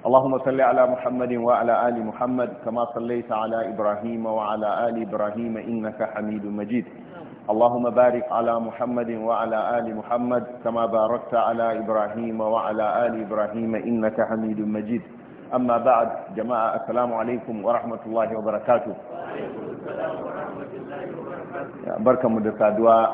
اللهم صل على محمد وعلى آل محمد كما صليت على إبراهيم وعلى آل إبراهيم إنك حميد مجيد اللهم بارك على محمد وعلى آل محمد كما باركت على إبراهيم وعلى آل إبراهيم إنك حميد مجيد أما بعد جماعة السلام عليكم ورحمة الله وبركاته بركة مدرسة دواء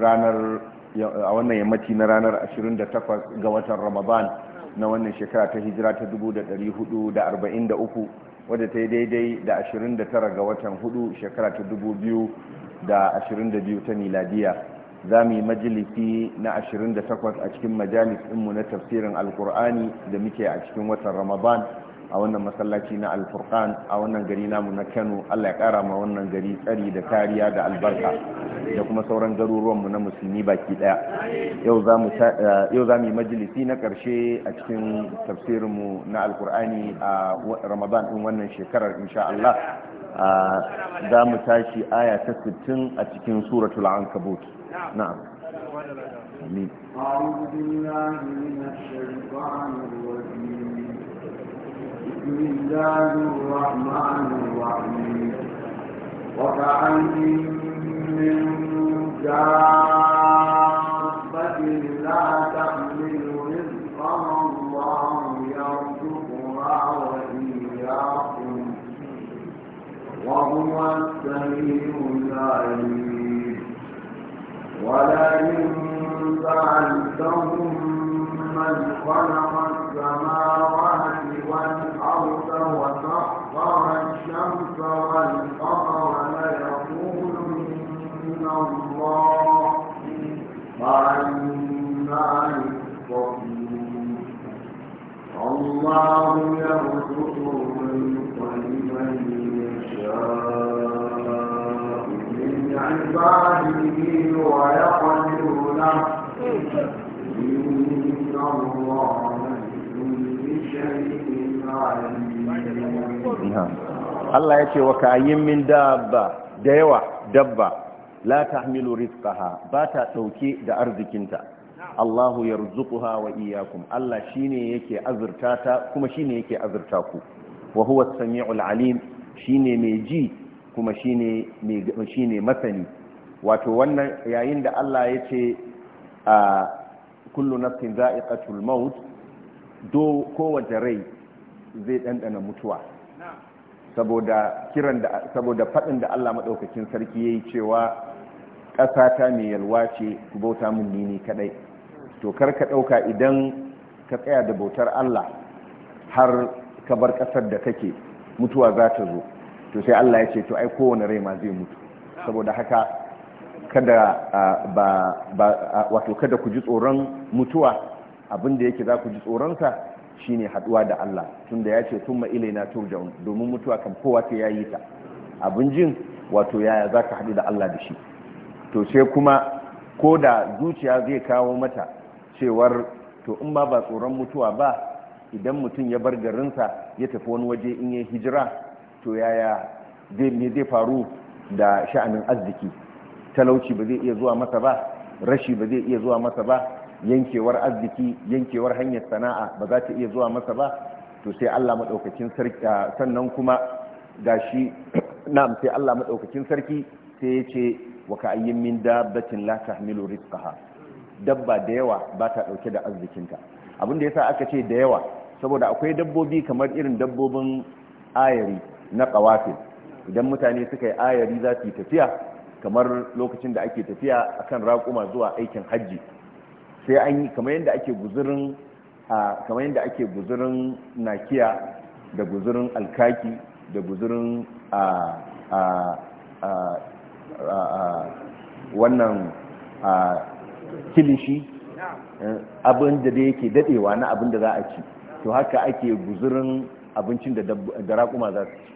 رانر a wannan yammaci na ranar 28 ga watan ramadan na wannan shekara ta hijira ta 443 wadda ta yi daidai da 29 ga watan 4 shekara ta 2022 ta miladiya za mu yi majalisi na 28 a cikin majalis ɗinmu na tafsirin alkur'ani da muke a cikin watan ramadan a wannan masallaci na alfurkan a wannan gari namu na kano allah ya kara ma wannan gari tsari da kariya da albarka da kuma sauran garuruwanmu na musulmi baki daya eh, yau za mu yi majalisi na karshe a cikin tafsirinmu na alkur'ani a ramadan din wannan shekarar insha allah za mu tashi aya ta 60 a cikin suratul ankabut na'am أعوذ بالله من الشيطان الرجيم بسم الله الرحمن الرحيم وكأين من دابة لا تحمل رزقها الله يرزقها وإياكم وهو السميع العليم ولئن سألتهم من خلق السماوات والأرض وسخر الشمس والقمر ليقولن الله فأنا يؤفكون الله يرزق من قلبا يشاء من عباده ويقدر له إن الله بكل شيء Allah ya ce wa kayin min dabba da yawa dabba la tahmilu rizkaha ba ta dauke da arzikinta Allahu yarzuquha wa iyyakum Allah shine yake azurta ta kuma shine yake azurta ku wa huwa samiul alim ne mai ji kuma shine ne masani wato wannan yayin da Allah ya ce ah, kullu nafsin za'iqatul maut do kowace rai zai ɗanɗana mutuwa saboda kiran saboda faɗin da Allah maɗaukacin sarki ya yi cewa ƙasa ta mai yalwa ce ku bauta mun nini kaɗai to kar ka ɗauka idan ka tsaya da bautar Allah har ka bar ƙasar da kake mutuwa za ta zo to sai Allah ya ce to ai kowane rai ma zai mutu saboda haka kada ba wato kada ku ji tsoron mutuwa abinda yake za ku ji tsoronsa shine haduwa da Allah tunda ya ce ilai na turja'un domin mutuwa kan kowa ta yayi ta abin jin wato yaya za ka haɗu da Allah da shi to sai kuma ko da zuciya zai kawo mata cewar to in ba ba tsoron mutuwa ba idan mutum ya bar garinsa ya tafi wani waje in ya hijira to yaya ne zai faru da sha'anin arziki talauci ba zai iya zuwa masa ba rashi ba zai iya zuwa masa ba yankewar arziki yankewar hanyar sana'a ba za ta iya zuwa masa ba to sai Allah madaukakin sarki sannan kuma gashi na'am sai Allah madaukakin sarki sai ya ce wa ka'ayyin min dabbatin la tahmilu rizqaha dabba da yawa ba ta dauke da arzikinta abin da yasa aka ce da yawa saboda akwai dabbobi kamar irin dabbobin ayari na qawafil idan mutane suka yi ayari za su yi tafiya kamar lokacin da ake tafiya akan raƙuma zuwa aikin hajji sai an yi kamar yadda ake guzurin kamar yadda ake guzurin nakiya da guzurin alkaki da guzurin wannan kilishi eh, abin da da yake dadewa na abin da za a ci to haka ake guzurin abincin da raƙuma za su ci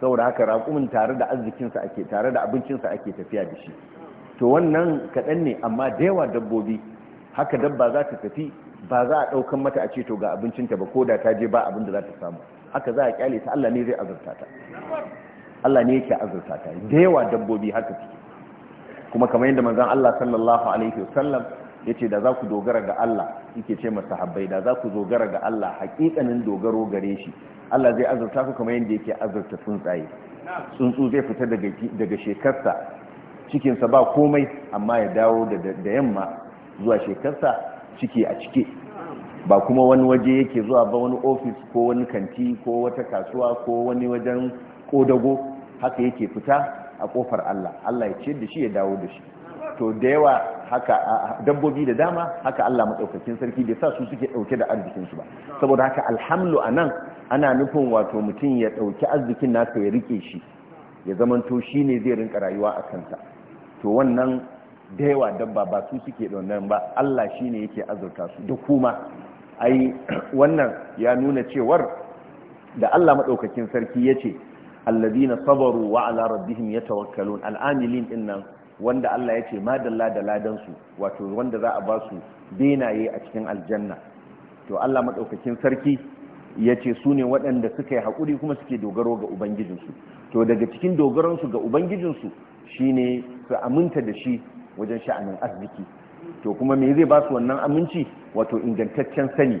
saboda haka raƙumin tare da arzikinsa ake tare da abincinsa ake tafiya da shi to wannan kaɗan ne amma da yawa dabbobi haka dabba za ta tafi ba za a ɗaukan mata a ce to ga abincinta ba ko da ta je ba abin da za ta samu haka za a kyale ta Allah ne zai azurta ta Allah ne yake azurta ta da yawa dabbobi haka suke kuma kamar yadda manzon Allah sallallahu alaihi wasallam yace da za ku dogara ga Allah yake ce masa habbai da za ku dogara ga Allah hakikanin dogaro gare shi Allah zai azurta ku kamar yadda yake azurta tsuntsaye tsuntsu zai fita daga daga shekarsa cikinsa ba komai amma ya dawo da yamma zuwa shekarsa ciki a cike ba kuma wani waje yake zuwa ba wani ofis ko wani kanti ko wata kasuwa ko wani wajen kodago haka yake fita a kofar Allah Allah ya ce da shi ya dawo da shi to da yawa haka dabbobi da dama haka Allah madaukakin sarki bai sa su suke dauke da arzikin su ba saboda haka alhamlu anan ana nufin wato mutum ya dauki arzikin nasa ya rike shi ya zamanto shine zai rinka rayuwa a kansa to wannan da yawa dabba ba su suke ɗaunar ba Allah shi ne yake azurta su Da kuma ai wannan ya nuna cewar da Allah maɗaukakin sarki ya ce allazina sabaru wa ala rabbihim yatawakkalun al'amilin din nan wanda Allah ya ce madalla da ladan su wato wanda za a ba su benaye a cikin aljanna to Allah maɗaukakin sarki ya ce su ne waɗanda suka yi haƙuri kuma suke dogaro ga ubangijinsu to daga cikin dogaransu ga ubangijinsu shine su aminta da shi wajen sha'anin arziki to kuma me zai ba su wannan aminci wato ingantaccen sani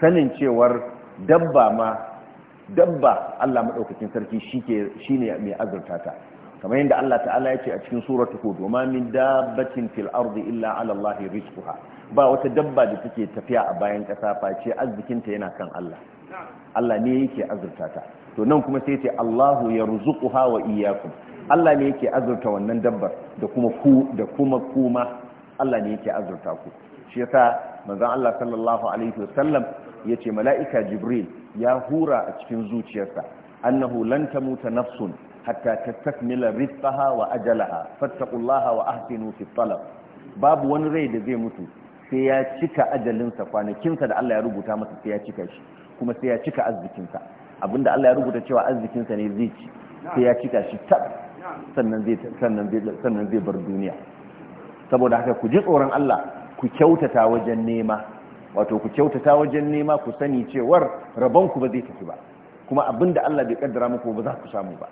sanin cewar dabba ma dabba Allah madaukakin sarki shike shine mai azurta ta kamar yadda Allah ta'ala ya ce a cikin suratul hud wa min dabbatin fil ardi illa ala Allah rizquha ba wata dabba da take tafiya a bayan kasa face arzikinta yana kan Allah Allah ne yake azurta ta to nan kuma sai ce Allahu yarzuquha wa iyyakum Allah ne yake azurta wannan dabbar da kuma ku da kuma kuma Allah ne yake azurta ku shi yasa manzon Allah sallallahu alaihi wasallam yace mala'ika Jibril ya hura a cikin zuciyarsa annahu lan tamuta nafsun hatta tastakmila rizqaha wa ajalaha fattaqullaha wa ahsinu fi talab babu wani rai da zai mutu sai ya cika ajalinsa kwanakinsa da Allah ya rubuta masa sai ya cika shi kuma sai ya cika arzikinsa abinda Allah ya rubuta cewa arzikinsa ne zai ci sai ya cika shi tab sannan zai bar duniya saboda haka ku ji tsoron Allah ku kyautata wajen nema wato ku kyautata wajen nema ku sani cewar rabonku ba zai tafi ba kuma abinda Allah bai kaddara muku ba za ku samu ba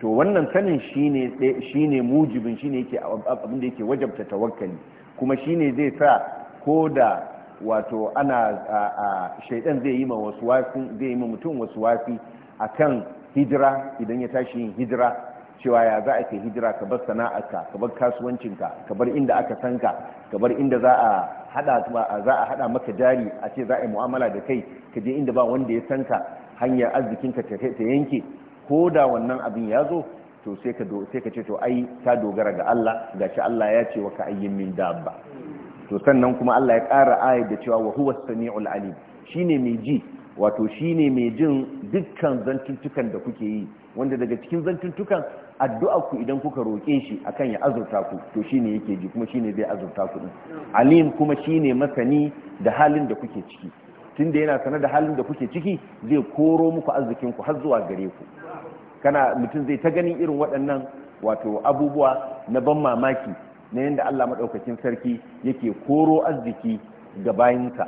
to wannan sanin shine shine mujibin shine yake abinda yake wajabta tawakkali kuma shine zai sa ko da wato ana shaidan zai yi ma wasu zai yi ma mutum wasu wasi akan hijira idan ya tashi yin hijira cewa ya za a kai hijira ka bar sana'arka ka bar kasuwancinka ka bar inda aka san ka ka bar inda za a hada za a hada maka jari a ce za a yi mu'amala da kai ka je inda ba wanda ya san ka hanyar arzikin ka ta yanke ko da wannan abin ya zo to sai ka sai ka ce to ai ta dogara ga Allah gashi Allah ya ce wa ka ayyin min dabba to sannan kuma Allah ya kara ayat da cewa wa huwa samiul alim shine mai ji wato shine mai jin dukkan zantuntukan da kuke yi wanda daga cikin zantuntukan. addu'a ku idan kuka roƙe shi akan ya azurta ku to shine yake ji kuma shine zai azurta ku din alim kuma shine masani da halin da kuke ciki tunda yana sanar da halin da kuke ciki zai koro muku arzikin ku har zuwa gare ku kana mutum zai ta gani irin waɗannan wato abubuwa na ban mamaki na yadda Allah maɗaukacin sarki yake koro arziki ga bayinka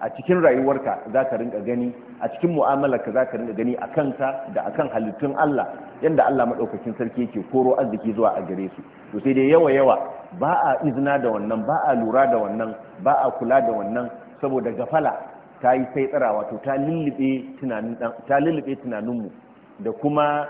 a cikin rayuwarka za ka rinka gani a cikin mu'amalarka za ka rinka gani a kanka da a kan halittun Allah yadda Allah maɗaukakin sarki yake koro arziki zuwa a gare su to sai dai yawa yawa ba a izina da wannan ba a lura da wannan ba a kula da wannan saboda gafala ta yi sai tsara wato ta lullube tunaninmu da kuma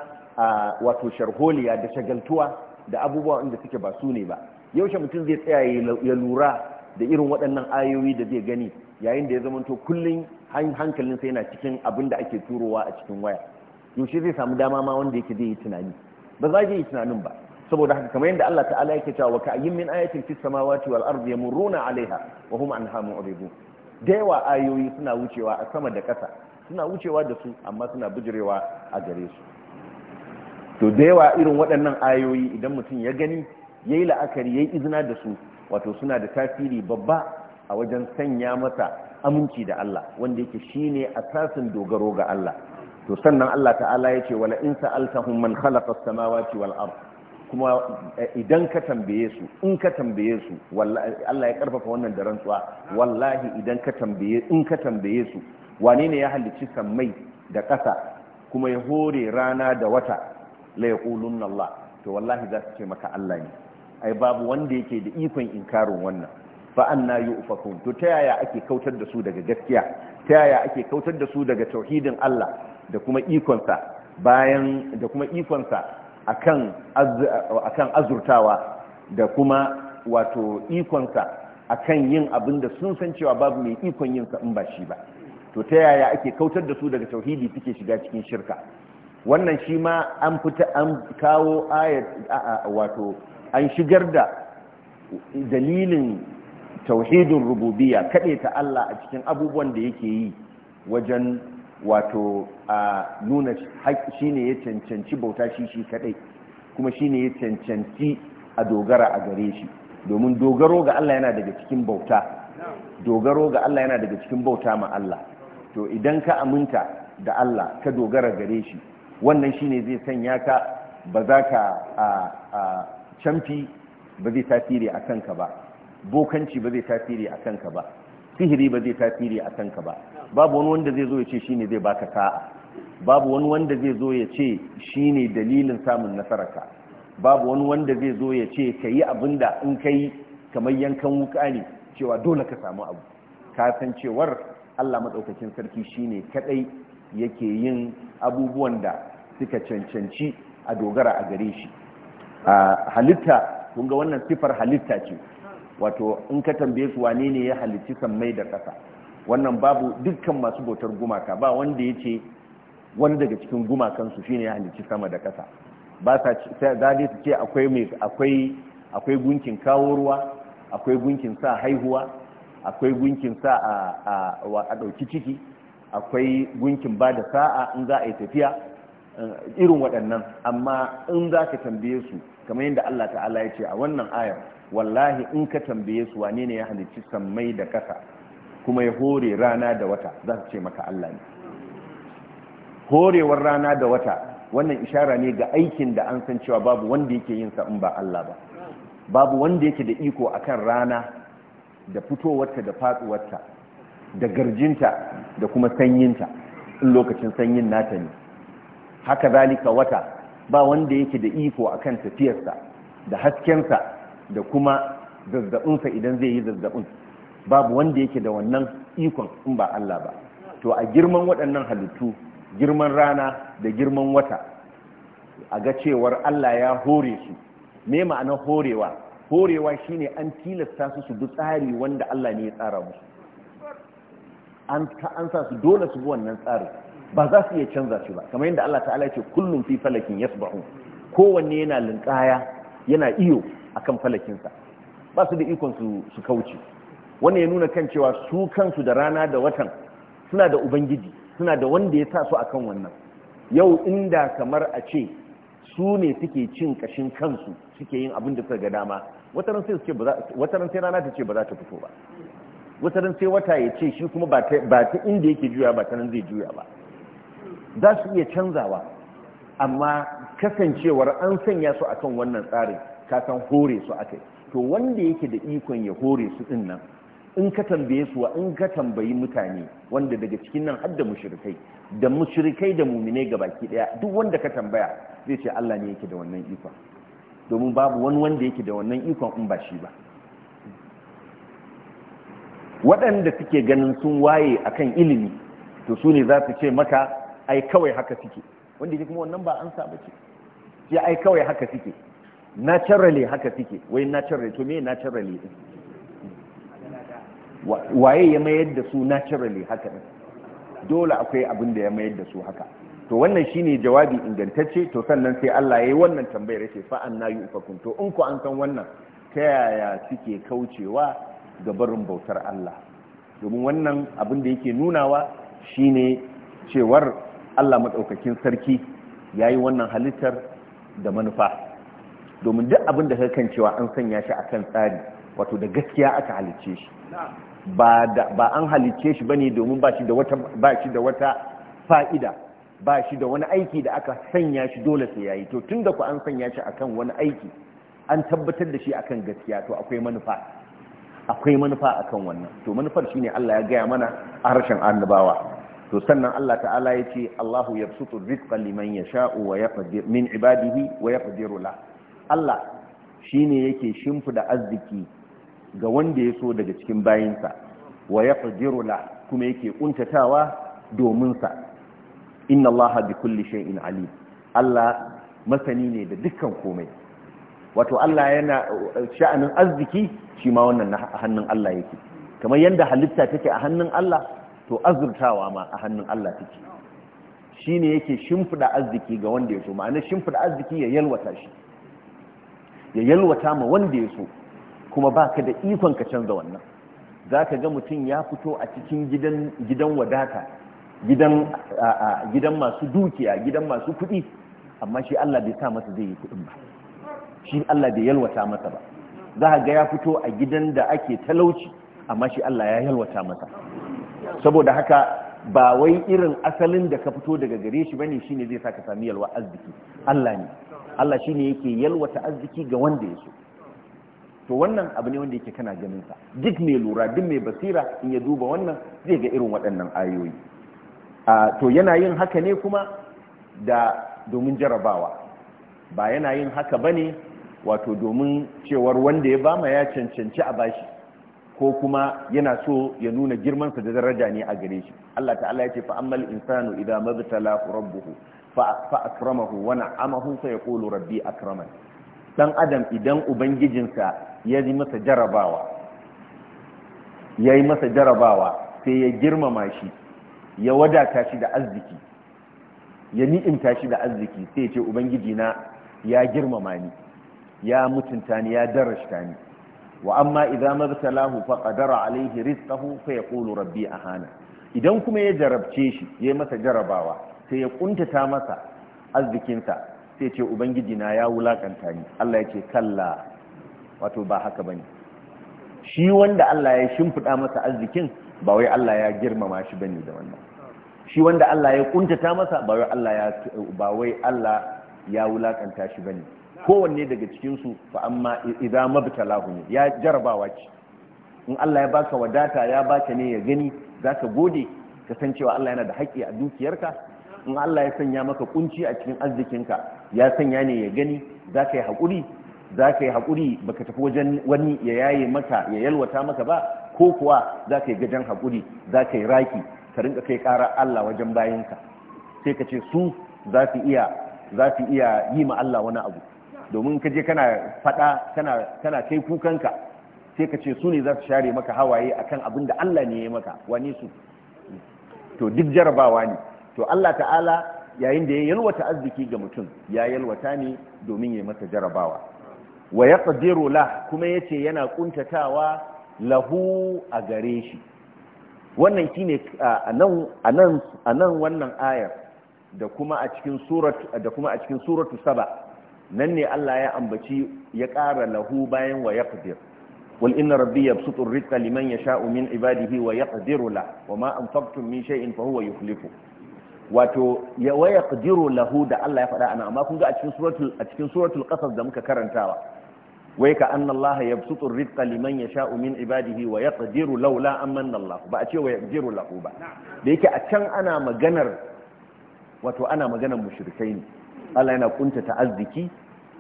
wato sharholiya da shagaltuwa da abubuwa inda suke ba su ne ba yaushe mutum zai tsaya ya lura da irin waɗannan ayoyi da zai gani yayin da ya zamanto kullum hankalin sa yana cikin abin da ake turowa a cikin waya yaushe zai samu dama ma wanda yake zai yi tunani ba za zai yi tunanin ba saboda haka kamar yadda Allah ta'ala yake cewa ka ayyin min ayatin fis samawati wal ardi yamuruna alaiha wa hum anha mu'ridun da yawa ayoyi suna wucewa a sama da ƙasa suna wucewa da su amma suna bujurewa a gare su to da yawa irin waɗannan ayoyi idan mutum ya gani yayi la'akari yayi izina da su wato suna da tasiri babba a wajen sanya masa aminci da Allah wanda yake shine asasin dogaro ga Allah to sannan Allah ta'ala yace wala in sa'altahum man khalaqa as-samawati wal ard kuma eh, idan ka tambaye su in ka tambaye su wallahi Allah ya karfafa wannan da rantsuwa wallahi idan ka tambaye in ka tambaye su wane ne ya halicci sammai da ƙasa kuma ya hore rana da wata la yaqulunna Allah to wallahi za su ce maka Allah ne ai babu wanda yake da ikon inkarin wannan fa anna yufakun to ta yaya ake kautar da su daga gaskiya ta yaya ake kautar da su daga tauhidin Allah da kuma ikonsa bayan da kuma ikonsa akan akan azurtawa da kuma wato ikonsa akan yin abin da sun san cewa babu mai ikon yin sa in ba shi ba to ta yaya ake kautar da su daga tauhidi suke shiga cikin shirka wannan shi ma an fita an kawo ayat wato an shigar da dalilin tauhidin rububiya kaɗe ta Allah a cikin abubuwan da yake yi wajen wato a nuna shi ne ya cancanci bauta shi shi kaɗai kuma shi ne ya cancanci a dogara a gare shi domin dogaro ga Allah yana daga cikin bauta dogaro ga Allah yana daga cikin bauta ma Allah to idan ka aminta da Allah ka dogara gare shi wannan shi ne zai sanya ka ba za ka a camfi ba zai tasiri a kanka ba bokanci ba zai tasiri a kanka ba sihiri ba zai tasiri a kanka ba babu wani wanda zai zo ya ce shi ne zai baka sa'a babu wani wanda zai zo ya ce shi ne dalilin samun nasararka babu wani wanda zai zo ya ce ka yi abin da in ka yi kamar yankan wuka ne cewa dole ka samu abu ka cewar allah maɗaukakin sarki shi ne kaɗai yake yin abubuwan da suka cancanci a dogara a gare shi halitta kun ga wannan siffar halitta ce wato in ka tambaye su wane ne ya halicci sammai da ƙasa wannan babu dukkan masu bautar gumaka ba wanda ya ce wani daga cikin gumakansu shine ya halicci sama da ƙasa ba sa zade su ce akwai mai akwai akwai gunkin kawo ruwa akwai gunkin sa haihuwa akwai gunkin sa a a ɗauki ciki akwai gunkin ba da sa'a in za a yi tafiya eh, irin waɗannan amma in za ka tambaye su kamar yadda Allah ta'ala ya ce a wannan ayar wallahi in ka tambaye su wane ne ya halicci sammai da ƙasa kuma ya hore rana da wata za su ce maka Allah ne horewar rana da wata wannan ishara ne ga aikin da an san cewa babu wanda yake yin sa in ba Allah ba babu wanda yake da iko akan rana da fitowarta da faduwarta da garjinta da kuma sanyinta in lokacin sanyin nata ne haka zalika wata ba wanda yake da iko akan tafiyarsa da haskensa da kuma sa idan zai yi zazzabin babu wanda yake da wannan ikon in ba Allah ba to a girman waɗannan halittu girman rana da girman wata a ga cewar Allah ya hore su me ma'anar horewa horewa shine an tilasta su su bi tsari wanda Allah ne ya tsara musu an sa su dole su bi wannan tsari ba za su iya canza shi ba kamar yadda Allah ta'ala ya ce kullum fi falakin yasbahu kowanne yana linkaya yana iyo akan falakinsa ba su da ikon su kauce wannan ya nuna kan cewa su kansu da rana da watan suna da ubangiji suna da wanda ya sa su akan wannan yau inda kamar a ce su ne suke cin kashin kansu suke yin abin da suka ga dama wataran sai rana ta ce ba za ta fito ba wataran sai wata ya ce shi kuma ba ta inda yake juya ba ta nan zai juya ba za su iya canzawa amma kasancewar an sanya su akan wannan tsarin ka san hore su akai to wanda yake da ikon ya hore su din nan in ka tambaye su in ka tambayi mutane wanda daga cikin nan har da mushrikai da mushrikai da muminai gabaki daya duk wanda ka tambaya zai ce Allah ne yake da wannan ikon domin babu wani wanda yake da wannan ikon in ba shi ba waɗanda suke ganin sun waye akan ilimi to su ne za su ce maka ai kawai haka suke wanda yake kuma wannan ba an saba ce sai ai kawai haka suke naturally haka suke wai naturally to me naturally din waye ya mayar da su naturally haka din dole akwai abin da ya mayar da su haka to wannan shine jawabi ingantacce to sannan sai Allah yayi wannan tambayar yace fa anna yufakun to in ku an san wannan ta yaya suke kaucewa ga barin bautar Allah domin wannan abin da yake nunawa shine cewar Allah madaukakin sarki yayi wannan halittar da manufa domin duk abin da kan cewa an sanya shi a kan tsari wato da gaskiya aka halicce shi ba an halicce shi ba ne domin ba shi da wata fa'ida ba shi da wani aiki da aka sanya shi dole sai yayi to tunda ku an sanya shi akan wani aiki an tabbatar da shi akan gaskiya to akwai manufa akwai manufa akan wannan to manufar shi ne Allah ya gaya mana a harshen annabawa to sannan Allah ta'ala ya ce Allahu yabsutu rizqa liman yasha'u wa yaqdir min ibadihi wa yaqdiru lahu Allah shi ne yake shimfida arziki ga wanda ya so daga cikin bayinsa wa ya la kuma yake ƙuntatawa dominsa inna Allah bi kulli shay'in alim Allah masani ne da dukkan komai wato Allah yana sha'anin arziki shi ma wannan na hannun Allah yake kamar yadda halitta take a hannun Allah to azurtawa ma a hannun Allah take ne yake shimfida arziki ga wanda ya so ma'ana shimfida arziki ya yalwata shi ya yalwata ma wanda ya so kuma ba ka da ikon ka canza wannan za ka ga mutum ya fito a cikin gidan wadata gidan masu dukiya gidan masu kuɗi amma shi Allah bai sa masa zai yi kuɗin ba shi Allah bai yalwata masa ba za ga ya fito a gidan da ake talauci amma shi Allah ya yalwata masa saboda haka ba wai irin asalin da ka fito daga gare shi ne shi shine zai sa ka sami yalwa arziki Allah ne Allah shi ne yake yalwata arziki ga wanda ya so to wannan abu ne wanda yake kana ganin sa duk mai lura duk mai basira in ya duba wannan zai ga irin waɗannan ayoyi to yana yin haka ne kuma da domin jarabawa ba yana yin haka ba ne wato domin cewar wanda ya bama ya cancanci a bashi ko kuma yana so ya nuna girmansa da daraja ne a gare shi Allah ta'ala ya ce fa insanu insanu idza mabtalahu rabbuhu fa akramahu wa na'amahu fa yaqulu rabbi akraman dan adam idan ubangijinsa ya yi masa jarabawa yayi masa jarabawa sai ya girmama shi ya wadata shi da arziki ya ni'imta shi da arziki sai ya ce ubangijina ya girmama ni ya mutunta ni ya darashta ni wa amma idza mabtalahu fa qadara alayhi rizqahu fa yaqulu rabbi ahana idan kuma ya jarabce shi yayi masa jarabawa sai ya kuntata masa arzikinsa sai ce ubangiji na ya wulakanta ni Allah ya ce kalla wato ba haka bane shi wanda Allah ya shimfida masa arzikin ba wai Allah ya girmama shi bane da wannan shi wanda Allah ya kuntata masa ba wai Allah ya ba wai Allah ya wulakanta shi bane kowanne daga cikin su fa amma idza mabtalahu ya jarabawa ce in Allah ya baka wadata ya baka ne ya gani zaka gode kasancewa Allah yana da haƙƙi a dukiyarka in Allah ya sanya maka kunci a cikin arzikinka ya sanya ne ya gani za ka yi haƙuri za ka yi haƙuri ka tafi wajen wani ya yaye maka ya yalwata maka ba ko kuwa za ka yi gajen haƙuri za ka yi raki ka rinka kai ƙara Allah wajen bayanka sai ka ce su za su iya yi ma Allah wani abu domin ka je kana faɗa kana kana kai kukanka sai ka ce su ne za su share maka hawaye akan abin da Allah ne ya maka wani su to duk jarabawa ne to Allah ta'ala yayin da ya yalwata arziki ga mutum ya yalwata ne domin ya masa jarabawa wa yaqdiru la kuma ya ce yana ƙuntatawa lahu a gare shi wannan shine anan a nan wannan ayar da kuma a cikin suratu saba nan ne Allah ya ambaci ya ƙara lahu bayan wa yaqdir wal inna rabbi yabsutu rizqa liman yasha'u min ibadihi wa yaqdiru la wa ma anfaqtum min shay'in fa huwa yukhlifu wato ya waya qadiru lahu da Allah ya faɗa ana amma kun ga a cikin suratul a cikin suratul qasas da muka karantawa wai ka anna Allah yabsutu rizqa liman yasha'u min ibadihi wa yaqdiru laula amanna Allah ba a ce waya yaqdiru lahu ba da yake a can ana maganar wato ana maganar mushrikai ne Allah yana kuntata arziki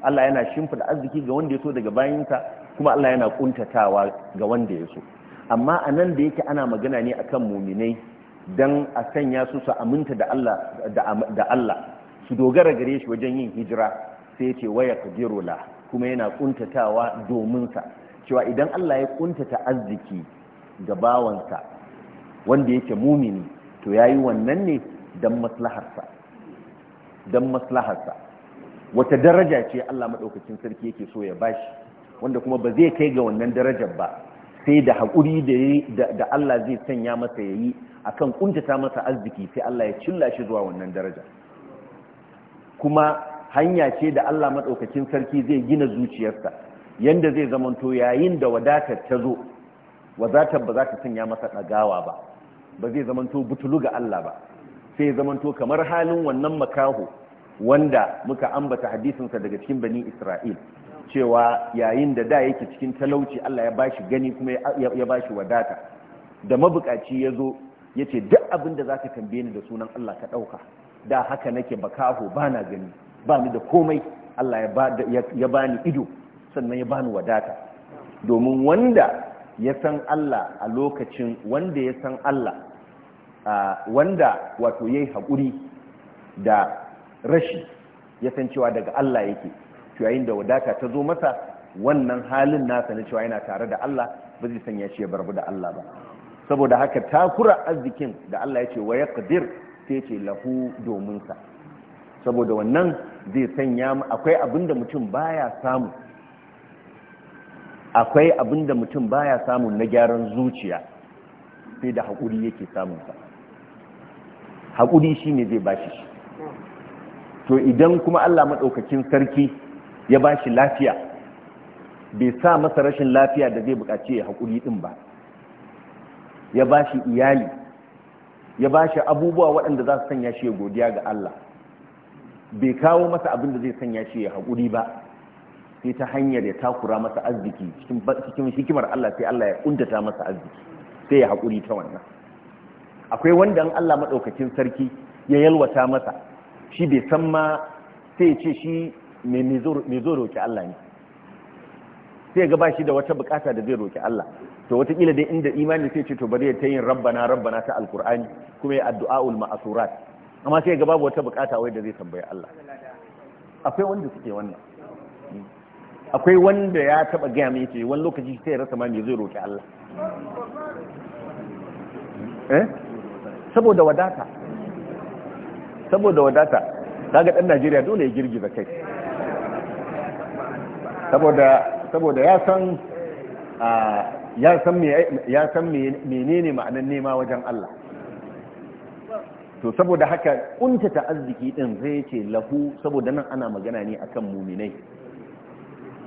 Allah yana shimfida arziki ga wanda ya so daga bayinsa kuma Allah yana kuntatawa ga wanda ya so amma anan da yake ana magana ne akan muminai don a sanya su su aminta da Allah su dogara gare shi wajen yin hijira sai ce waya ka la kuma yana kuntatawa dominsa cewa idan Allah ya kuntata arziki ga bawansa wanda yake mumini to ya yi wannan ne don maslaharsa don maslaharsa wata daraja ce Allah maɗaukacin sarki yake so ya bashi wanda kuma ba zai kai ga wannan darajar ba sai da haƙuri da Allah zai sanya masa yayi a kan ƙuntata masa arziki sai Allah ya cilla shi zuwa wannan daraja kuma hanya ce da Allah matsaukacin sarki zai gina zuciyarsa yadda zai zamanto yayin da wadatar ta zo wadatar ba za ta sanya masa ɗagawa ba ba zai zamanto butulu ga Allah ba sai ya zamanto kamar halin wannan makaho wanda muka ambata hadisinsa daga cikin bani Isra'il cewa yayin da da yake cikin talauci Allah ya bashi gani kuma ya bashi wadata da mabukaci ya zo ya ce duk abin da za ka tambaye ni da sunan Allah ka ɗauka da haka nake bakaho ba na gani ba ni da komai Allah ya ba ni ido sannan ya ba ni wadata domin wanda ya san Allah a lokacin wanda ya san Allah wanda wato ya yi haƙuri da rashi ya san cewa daga Allah yake cewa yayin da wadata ta zo masa wannan halin nasa na cewa yana tare da Allah ba zai sanya shi ya barbu da Allah ba saboda haka takura arzikin da Allah ya ce wa yaqdir sai ce lahu domin sa saboda wannan zai sanya mu akwai abinda mutum baya samu akwai abinda mutum baya samu na gyaran zuciya sai da hakuri yake samun sa hakuri shine zai bashi shi to idan kuma Allah madaukakin sarki ya ba shi lafiya bai sa masa rashin lafiya da zai bukaci ya haƙuri ɗin ba ya ba shi iyali ya ba shi abubuwa waɗanda za su sanya shi ya godiya ga Allah bai kawo masa abin da zai sanya shi ya haƙuri ba sai ta hanyar ya takura masa arziki cikin hikimar Allah sai Allah ya ƙuntata masa arziki sai ya haƙuri ta wannan akwai wanda an Allah maɗaukacin sarki ya yalwata masa shi bai san ma sai ce shi me zo roƙi Allah ne sai ga shi da wata bukata da zai roƙi Allah to wataƙila dai inda imani sai ce to bari ya ta yin rabbana rabbana ta alkur'ani kuma ya addu'a'ul ma'asurat amma sai ga babu wata bukata wai da zai tambaye Allah akwai wanda suke wannan akwai wanda ya taba gaya mai ce wani lokaci sai rasa ma me zai roƙi Allah eh saboda wadata saboda wadata kaga dan Najeriya dole ya girgiza kai saboda ya san ya san menene ma'anar nema wajen Allah to saboda haka ƙuntata arziki din zai ce lahu saboda nan ana magana ne akan muminai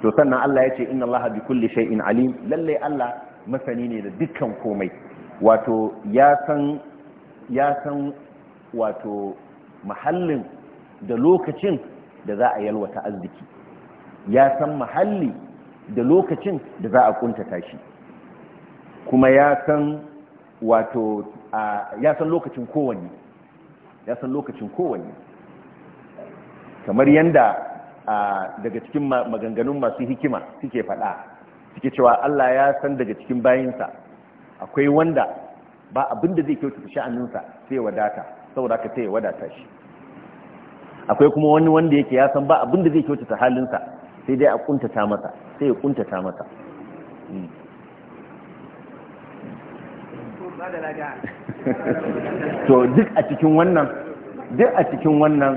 to sannan Allah ya ce inna Allah bi kulli shay'in alim lalle Allah masani ne da dukkan komai wato ya san ya san wato mahallin da lokacin da za a yalwata arziki ya san mahalli da lokacin da za a kuntata shi kuma ya san wato ya san lokacin kowanne ya san lokacin kowanne kamar yanda daga cikin maganganun masu hikima suke faɗa suke cewa Allah ya san daga cikin bayinsa akwai wanda ba abin da zai kyautata sha'aninsa sai wadata saboda ka sai wadata shi akwai kuma wani wanda yake ya san ba abin da zai kyautata halinsa sai dai a kuntata mata sai ya kuntata mata to duk a cikin wannan duk a cikin wannan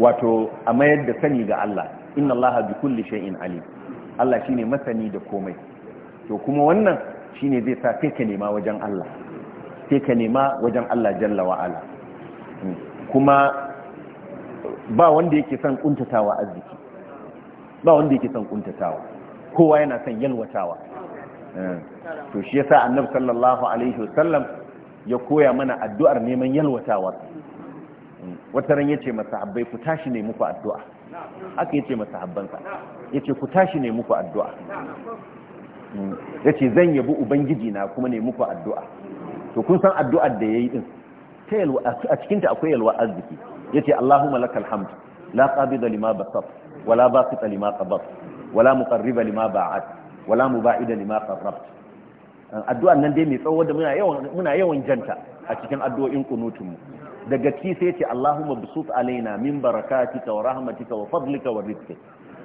wato a mayar da sani ga Allah inna Allah bi kulli shay'in Ali Allah shine masani da komai to kuma wannan shine zai sa kai ka nema wajen Allah sai ka nema wajen Allah jalla wa ala kuma ba wanda yake son kuntatawa arziki ba wanda yake son kuntatawa kowa yana son yalwatawa eh, to shi yasa annabi sallallahu alaihi wasallam ya koya mana addu'ar neman yalwatawa mm, wata ran yace masahabbai ku tashi ne muku addu'a aka yace masahabbansa yace ku tashi ne muku addu'a mm, yace zan yabi ubangiji na kuma ne muku addu'a to kun san addu'ar da yayi din ta yalwa a cikin ta akwai yalwa arziki yace allahumma lakal hamd la qabida lima wala basita lima qabat wala muqarriba lima wala muba'ida lima addu'an nan dai mai tsawo da muna yawan muna yawan janta a cikin addu'o'in kunutun mu daga ci sai ce Allahumma bisut alaina min barakatika wa rahmatika wa fadlika wa rizqika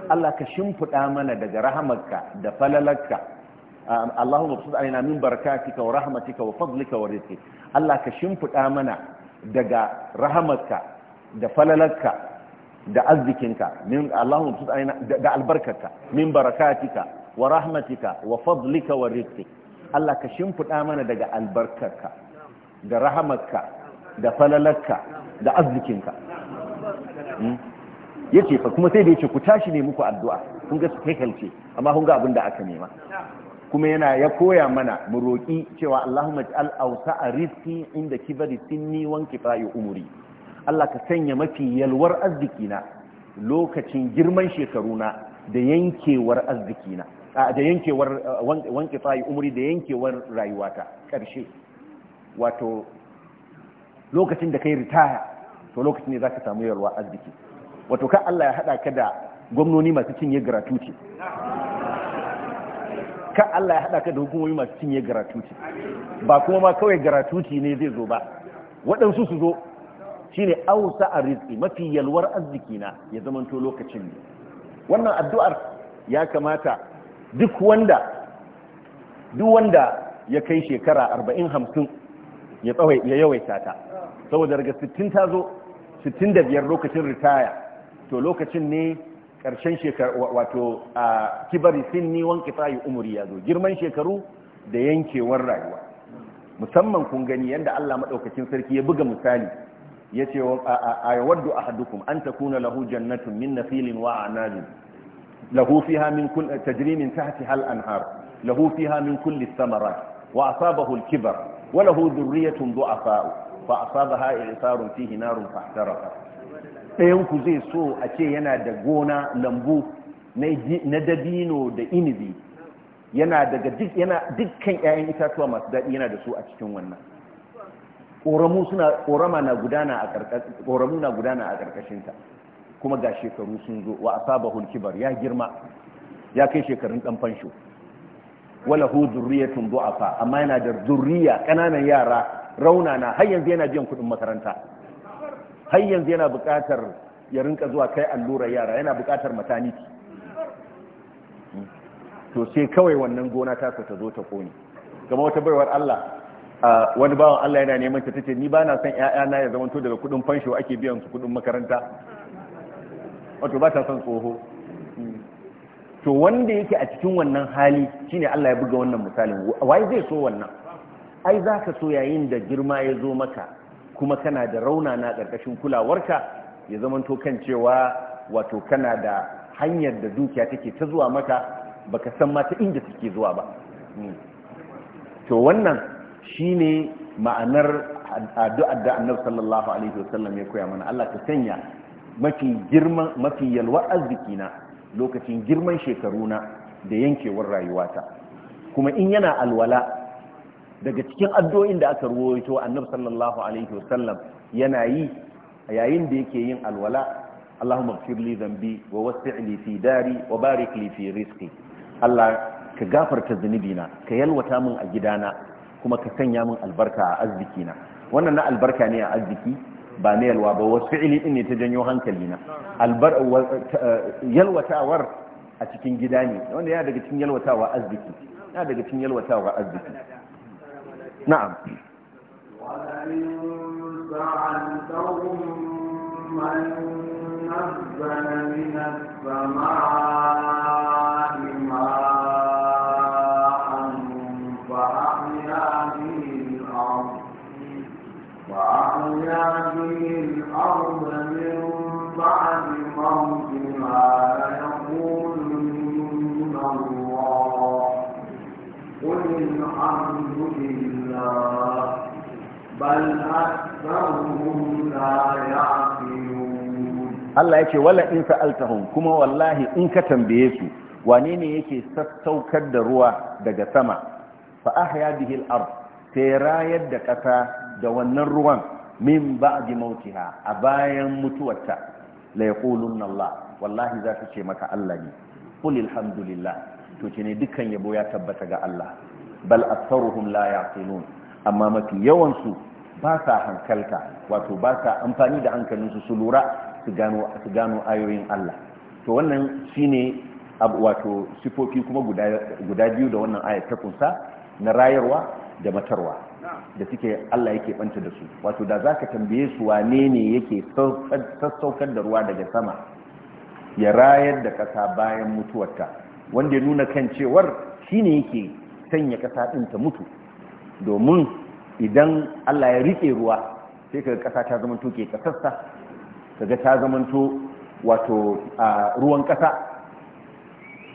Allah ka shimfiɗa mana daga rahamarka da falalarka Allahumma alaina min barakatika wa rahmatika wa fadlika wa Allah ka shimfiɗa mana daga rahamarka da falalarka da arzikinka min Allahumma da albarkarka min barakatika wa rahmatika wa fadlika wa rizqik Allah ka shimfuda mana daga albarkarka da rahamarka da falalarka da arzikinka hmm? yace fa kuma sai da yace ku tashi ne muku addu'a kun ga su kalce amma kun ga abin da aka nema kuma yana ya koya mana mu roki cewa Allahumma ij'al awsa'a rizqi inda kibari sinni wanki fa’i umri Allah ka sanya mafi yalwar arzikina lokacin girman shekaruna da yankewar arzikina da yankewar uh, wanke fayi umri da yankewar rayuwata ƙarshe wato lokacin da kai ritaya to lokacin ne za ka samu yalwar arziki wato ka Allah ya haɗa ka da gwamnoni masu cinye tuti ka Allah ya haɗa ka da hukumomi masu cinye tuti ba kuma ma kawai tuti ne zai zo ba waɗansu su zo shine ausa a rizki mafi yalwar arziki na ya zamanto lokacin ne wannan addu'ar ya kamata duk wanda duk wanda ya kai shekara 40 50 ya tsawai ya yawaita ta saboda daga 60 ta zo 65 lokacin ritaya to lokacin ne karshen shekaru wato a kibari sinni wanke tsayi umuri ya zo girman shekaru da yankewar rayuwa musamman kun gani yadda Allah maɗaukacin sarki ya buga misali Ya ce a yawaddu ahadukum an takuna lahu jannatun min nakhilin wa anabin lahu fiha min tajirimin ta min hal an har. lahu fiha min kulli thamarat wa asabahu al-kibar wa lahu a du'afa fa asabaha i'sarun fi hinarun fahtaraqa dayan ku zai so a ce yana da gona lambu na dabino da inibi yana daga dukkan 'ya'yan itatuwa masu daɗi yana da su a cikin wannan ƙoramu suna na gudana a ƙarƙashin ta kuma ga shekaru sun zo wa asabahul kibar ya girma ya kai shekarun ɗan fansho wala hu zurriyatun du'afa amma yana da zurriya ƙananan yara raunana har yanzu yana biyan kuɗin makaranta har yanzu yana buƙatar ya rinka zuwa kai allurar yara yana buƙatar mataniti hmm. to sai kawai wannan gona ta ta zo ta kone gama wata baiwar Allah wani bawan Allah yana neman ta tace ni ba na son ƴaƴana ya zamanto daga kudin fansho ake biyan su kudin makaranta wato ba ta son tsoho to wanda yake a cikin wannan hali shine Allah ya buga wannan misalin wai zai so wannan ai za ka so yayin da girma ya zo maka kuma kana da rauna na karkashin kulawarka ya zamanto kan cewa wato kana da hanyar da dukiya take ta zuwa maka baka san ma ta inda take zuwa ba hmm. to wannan shine ma'anar addu'ar da annabi sallallahu alaihi wasallam ya koya mana Allah ka sanya mafi girman mafi yalwa arzikina lokacin girman shekaruna da yankewar rayuwata kuma in yana alwala daga cikin addu'o'in da aka ruwaito annabi sallallahu alaihi wasallam yana yi yayin da yake yin alwala Allahumma ighfir li dhanbi wa wasi' li fi dari wa barik li fi Allah ka gafarta zunubina ka yalwata min a gidana kuma ka sanya min albarka a arziki na wannan na albarka ne a arziki ba ne yalwa ba wasu fi'ili din ne ta janyo hankali na eh, yalwatawar a cikin gida ne wanda yana daga cikin yalwatawa arziki yana daga cikin yalwatawa arziki na'am من نزل من السماء بِهِ Allah ya ce, Wala in sa’altahun kuma wallahi in ka tambaye su, wane ne yake sassaukar da ruwa daga sama, fa’ah ya bihi al’ar, ta rayar da ƙasa da wannan ruwan min ba a ji a bayan mutuwarta, la ya wallahi za su ce maka Allah ne, ƙulil hamdulillah, to ce ne dukkan yabo ya tabbata ga Allah. bal aktsaruhum la yaqilun amma mafi yawan su ba sa hankalta wato ba sa amfani da hankalinsu su lura su gano su gano ayoyin Allah to wannan shine wato sifofi kuma guda biyu da wannan ayat ta kunsa na rayarwa da matarwa da suke Allah yake banta da su wato da zaka tambaye su wane ne yake sassaukar da ruwa daga sama ya rayar da kasa bayan mutuwarta wanda ya nuna kan cewar shine yake sanya ƙasa ɗin ta mutu domin idan Allah ya riƙe ruwa sai ka ƙasa ta zamanto ke ƙasarsa ga ta zamanto wato a ruwan ƙasa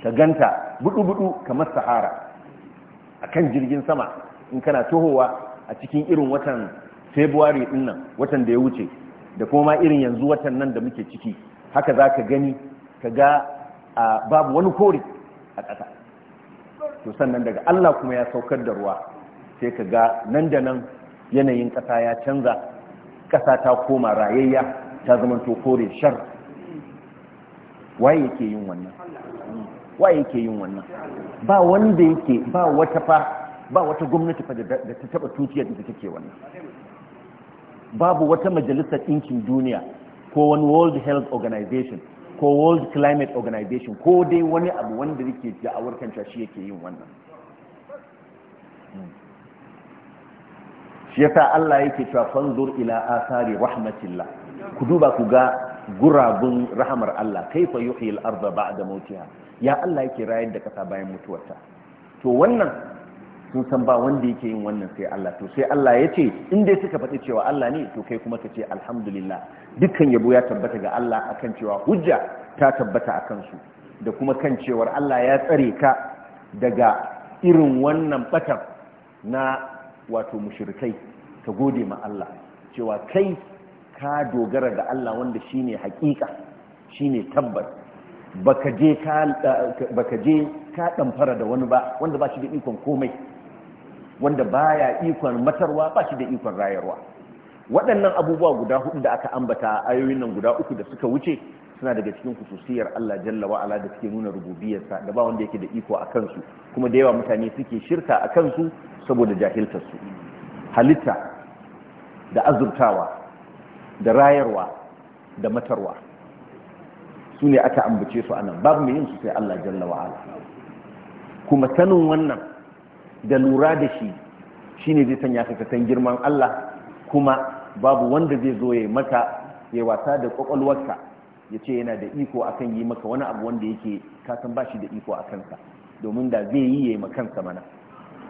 ka ganta buɗu-buɗu, buɗu kamar sahara a kan jirgin sama in kana tohowa a cikin irin watan february ɗin watan da ya wuce da kuma irin yanzu watan nan da muke ciki haka za ka gani ka ga babu wani kori a ƙasa to sannan daga Allah kuma ya saukar da ruwa sai ka ga nan da nan yanayin ƙasa ya canza ƙasa ta koma rayayya ta zama to kore shar waye yake yin wannan waye yake yin wannan ba wanda yake ba wata fa ba wata gwamnati fa da ta taba tuciya da take wannan babu wata majalisar ɗinkin duniya ko wani world health organization ko world climate organization ko dai wani abu wanda yake a kanta shi yake yin wannan shi yasa Allah yake cewa fanzur ila asari rahmatillah ku duba ku ga gurabun rahmar Allah kaifa yuhyi al-ardha ba'da mautiha ya Allah yake rayar da kasa bayan mutuwarta to wannan sun san ba wanda yake yin wannan sai Allah to sai Allah ya ce in dai suka faɗi cewa Allah ne to kai kuma ka ce alhamdulillah dukkan yabo ya tabbata ga Allah akan cewa hujja ta tabbata akan su da kuma kan cewar Allah ya tsare ka daga irin wannan batar na wato mushrikai ka gode ma Allah cewa kai ka dogara ga Allah wanda shine hakika shine tabbas baka je ka baka je ka damfara da wani ba wanda ba shi da ikon komai wanda baya ikon matarwa ba shi da ikon rayarwa waɗannan abubuwa guda hudu da aka ambata ayoyin nan guda uku da suka wuce suna daga cikin kususiyar Allah jalla wa ala da suke nuna rububiyarsa da ba wanda yake da iko a kansu kuma da yawa mutane suke shirka a kansu saboda jahiltarsu. halitta da azurtawa da rayarwa da matarwa su ne aka ambace su a nan babu mai yin su sai Allah jalla wa ala kuma sanin wannan da lura da shi shi ne zai sanya ka san girman Allah kuma babu wanda zai zo ya maka ya wasa da kwakwalwarka ya ce yana da iko akan yi maka wani abu wanda yake kasan ba shi da iko a kansa domin da zai yi ya yi makansa mana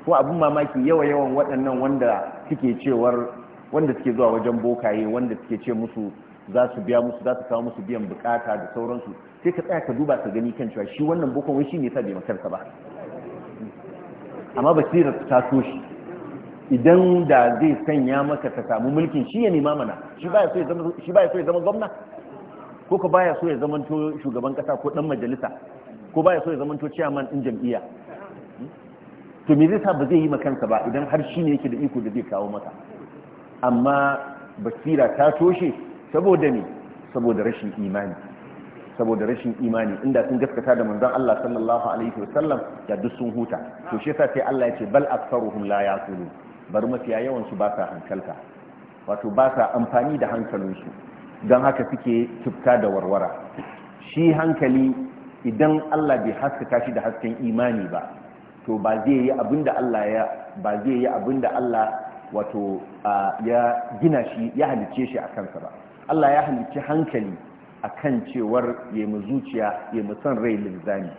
Ko abin mamaki yawa yawan waɗannan wanda suke cewar wanda suke zuwa wajen bokaye wanda suke ce musu za su biya musu za su kawo musu biyan bukata da sauransu sai ka tsaya ka duba ka gani kan cewa shi wannan bokon wai shi ne sa bai makansa ba amma basirar ta shi idan da zai sanya maka ta samu mulkin shi ya nema mana shi baya so ya zama gwamna ko ka baya so ya zama to shugaban kasa ko dan majalisa ko baya so ya zama to chairman din jam'iyya to me zai sa ba zai yi kansa ba idan har shi ne yake da iko da zai kawo maka amma basira ta toshe saboda ne saboda rashin imani saboda rashin imani inda sun gaskata da manzon Allah sallallahu alaihi wasallam da duk sun huta to shi yasa sai Allah ya ce bal aktharuhum la yaqulun bar mafiya yawan su ba sa hankalta wato ba sa amfani da hankalinsu don haka suke tufta da warwara shi hankali idan Allah bai haskaka shi da hasken imani ba to ba zai yi abinda Allah ya ba zai yi abinda Allah wato ya gina shi ya halicce shi a kansa ba Allah ya halice hankali a kan cewar yemu zuciya yamu son rai linzami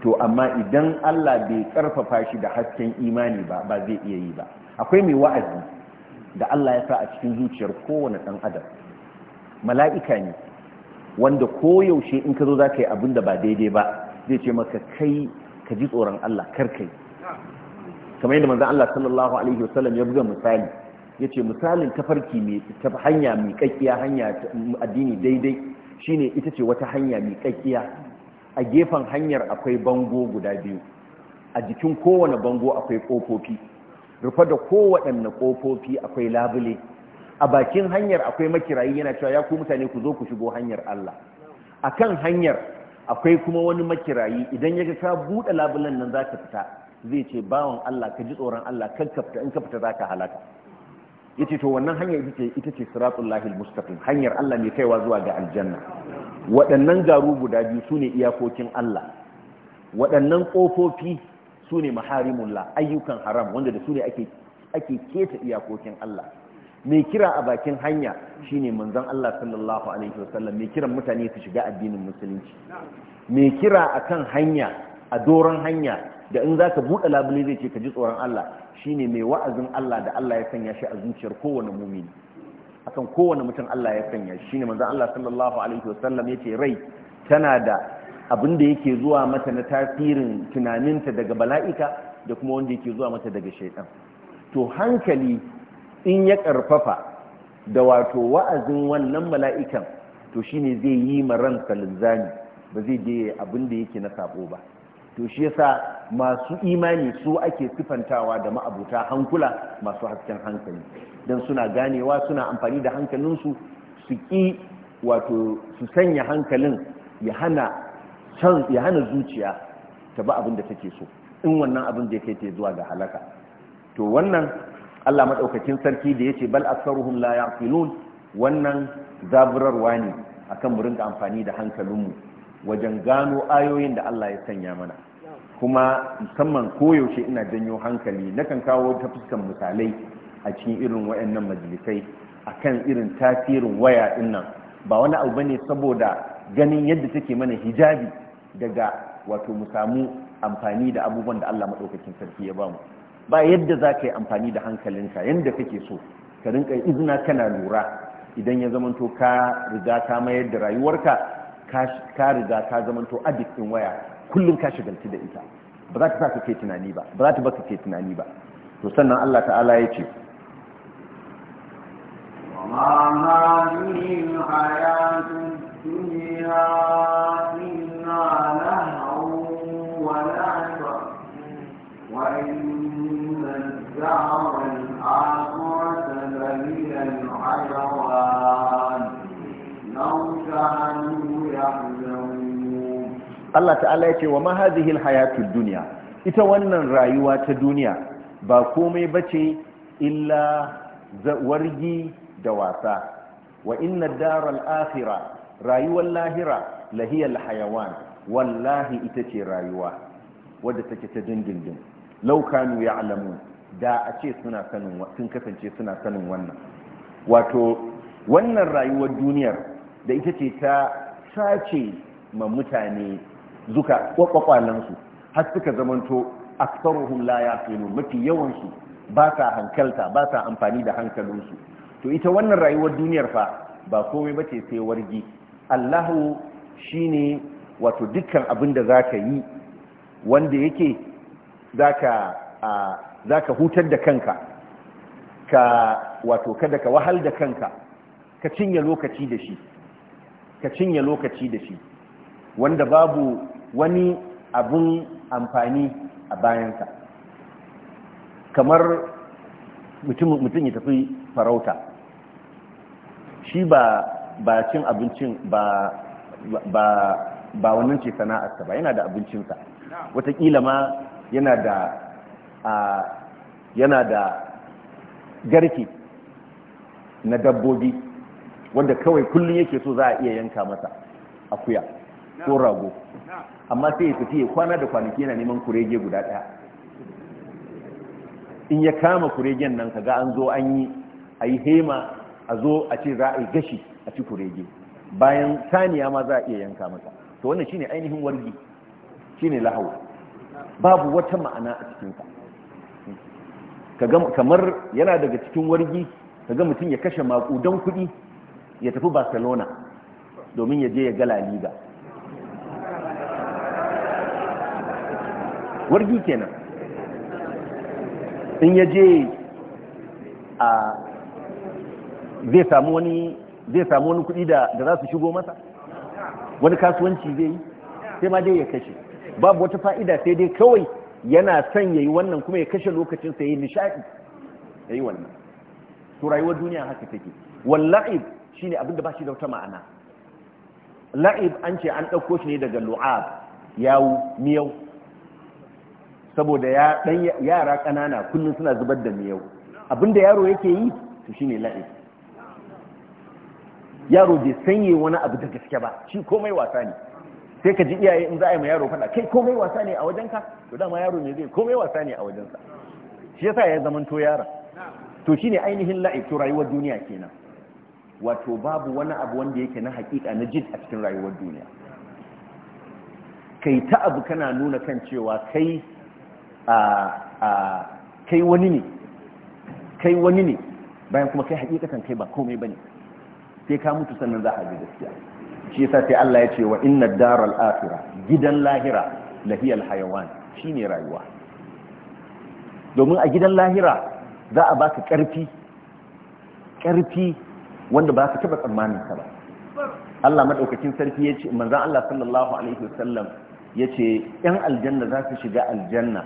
to amma idan Allah bai karfafa shi da hasken imani ba ba zai iya yi ba akwai mai wa'azi da Allah ya sa a cikin zuciyar kowane ɗan adam mala'ika ne wanda koyaushe in ka zo za ka yi abin da ba daidai ba zai ce maka kai ka ji tsoron Allah kar kai kamar yadda manzan Allah sallallahu alaihi wasallam ya buga misali yace misalin tafarki mai ta hanya mai kakkiya hanya addini daidai shine ita ce wata hanya mai kakkiya a gefen hanyar akwai bango guda biyu a jikin kowane bango akwai kofofi rufe da kowaɗanne ƙofofi akwai labule a bakin hanyar akwai makirayi yana cewa ya ku mutane ku zo ku shigo hanyar Allah a kan hanyar akwai kuma wani makirayi idan ya ga ka buɗe labulen nan za ka fita zai ce bawan Allah ka ji tsoron Allah kan ka in ka fita za ka halata. yace to wannan hanya ita ita ce siratul lahil mustaqim hanyar Allah mai kaiwa zuwa ga aljanna waɗannan garu guda biyu sune iyakokin Allah waɗannan kofofi sune maharimullah ayyukan haram wanda da su ake ake keta iyakokin Allah mai kira a bakin hanya shine manzon Allah sallallahu alaihi wasallam mai kiran mutane su shiga addinin musulunci mai kira a kan hanya a doron hanya da in za ka buɗe labule zai ce ka ji tsoron Allah shine mai wa'azin Allah da Allah ya sanya shi a zuciyar kowane A kan kowane mutum Allah ya sanya shi ne manzon Allah sallallahu alaihi wasallam ce rai tana da abin da yake zuwa mata na tasirin tunaninta daga bala'ika da kuma wanda yake zuwa mata daga shaitan to hankali in ya karfafa da wato wa'azin wannan bala'ikan to shine zai yi ma ransa linzami ba zai je abin da yake na sabo ba to shi yasa masu imani su ake sifantawa da ma'abuta hankula masu hasken hankali don suna ganewa suna amfani da hankalinsu su ƙi wato su sanya hankalin ya hana zuciya ta ba abin da take so in wannan abin da ya kai zuwa ga halaka to wannan allah maɗaukakin sarki da ya ce bal aksaruhum la yaqilun wannan zaburarwa ne akan mu da amfani da hankalinmu wajen gano ayoyin da Allah ya sanya mana kuma musamman koyaushe ina janyo hankali nakan kawo ta fuskan misalai a cikin irin wayannan majalisai kan irin tasirin waya dinnan ba wani abu bane saboda ganin yadda take mana hijabi daga wato mu samu amfani da abubuwan da Allah madaukakin sarki ya bamu ba yadda za ka yi amfani da hankalinka yadda kake so ka rinka izina kana lura idan ya zamanto ka riga ka mayar da rayuwarka ka riga ka zamanto addict din waya kullum ka shagaltu da ita ba za ta sa ka ke tunani ba ba za ta baka ke tunani ba to sannan Allah ta'ala ya ce وما هذه الحياة الدنيا إلا لهو ولعبة وإن الدار الآخرة لهي الحيوان Allah Ta'ala ya ce wa وما hayatu duniya, ita wannan rayuwa ta duniya ba komai bace illa wargi da wasa wa inna daral akhirah rayuwar lahira lahiyar hayawan wallahi ita ce rayuwa wadda take ta dindindin laukanu ya alamu da a ce sun kasance suna sanin wannan wato wannan rayuwar duniyar da ita ce ta sace ma mutane zuka kwakwalansu har suka zamanto aksaruhum la yaqilu mafi yawansu ba sa hankalta ba sa amfani da hankalinsu to ita wannan rayuwar duniyar fa ba komai bace sai wargi Allahu shine wato dukkan abin da zaka yi wanda yake zaka zaka hutar da kanka ka wato kada ka wahal da kanka ka cinye lokaci da shi ka cinye lokaci da shi wanda babu wani abun amfani a bayansa kamar mutum ya tafi farauta shi ba ba cin abincin ba ba ba wannan ce sana'arsa ba yana da abincinsa watakila ma yana da yana da na dabbobi wanda kawai kullum yake so za a iya yanka masa akuya ko rago amma sai ya tafiye kwana da kwanaki yana neman kurege guda ɗaya in ya kama kuregen nan ka ga an zo an yi a yi hema a zo a ce za a yi gashi a ci kurege bayan saniya ma za a iya yanka masa to wannan shine ainihin wargi shine lahau babu wata ma'ana a cikinsa kamar yana daga cikin wargi ka ga mutum ya kashe maƙudan kuɗi ya tafi barcelona domin ya je ya gala liga wargi kenan in ya je a zai samu wani zai da za su shigo masa wani kasuwanci zai yi sai ma dai ya kashe babu wata fa'ida sai dai kawai yana son ya yi wannan kuma ya kashe lokacinsa ya yi nishaɗi ya yi wannan to duniya haka take wallahi shi abin da ba shi da wata ma'ana la'ib an ce an ɗauko shi ne daga lu'ab yawu miyau saboda yara ƙanana kullum suna zubar da miyau abinda yaro yake yi to ne la'ib yaro bai sanye wani abu da gaske ba shi komai wasa ne sai ka ji iyaye in za a yi ma yaro fada kai komai wasa ne a wajenka to dama yaro ne zai komai wasa ne a wajensa shi yasa ya zamanto yara to shine ainihin la'ib to rayuwar duniya kenan wato babu wani abu wanda yake na hakika na jid a cikin rayuwar duniya kai ta abu kana nuna kan cewa kai a kai wani ne kai wani ne bayan kuma kai hakikatan kai ba komai bane sai ka mutu sannan za a ji gaskiya shi yasa sai Allah ya ce wa inna daral akhira gidan lahira lahiyal hayawan shine rayuwa domin a gidan lahira za a baka karfi karfi wanda ba ka taba tsammanin ka ba Allah madaukakin sarki yace manzo Allah sallallahu alaihi wasallam yace ɗan aljanna za su shiga aljanna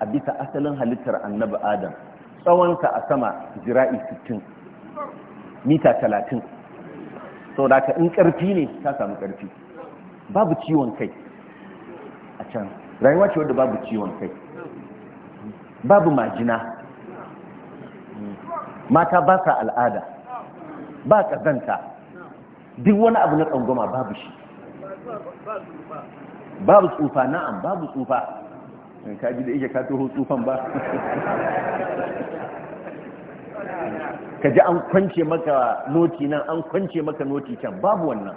a bisa asalin halittar annabi Adam tsawon sa a sama jira'i 60 mita 30 saboda ka in karfi ne ka samu karfi babu ciwon kai a can rayuwa ce wanda babu ciwon kai babu majina mata ba ka al'ada ba kazanta duk wani abu na tsangoma babu shi babu tsufa na'am babu tsufa ka ji da ike ka toho tsufan ba ka ji an kwance maka noti nan an kwance maka noti can babu wannan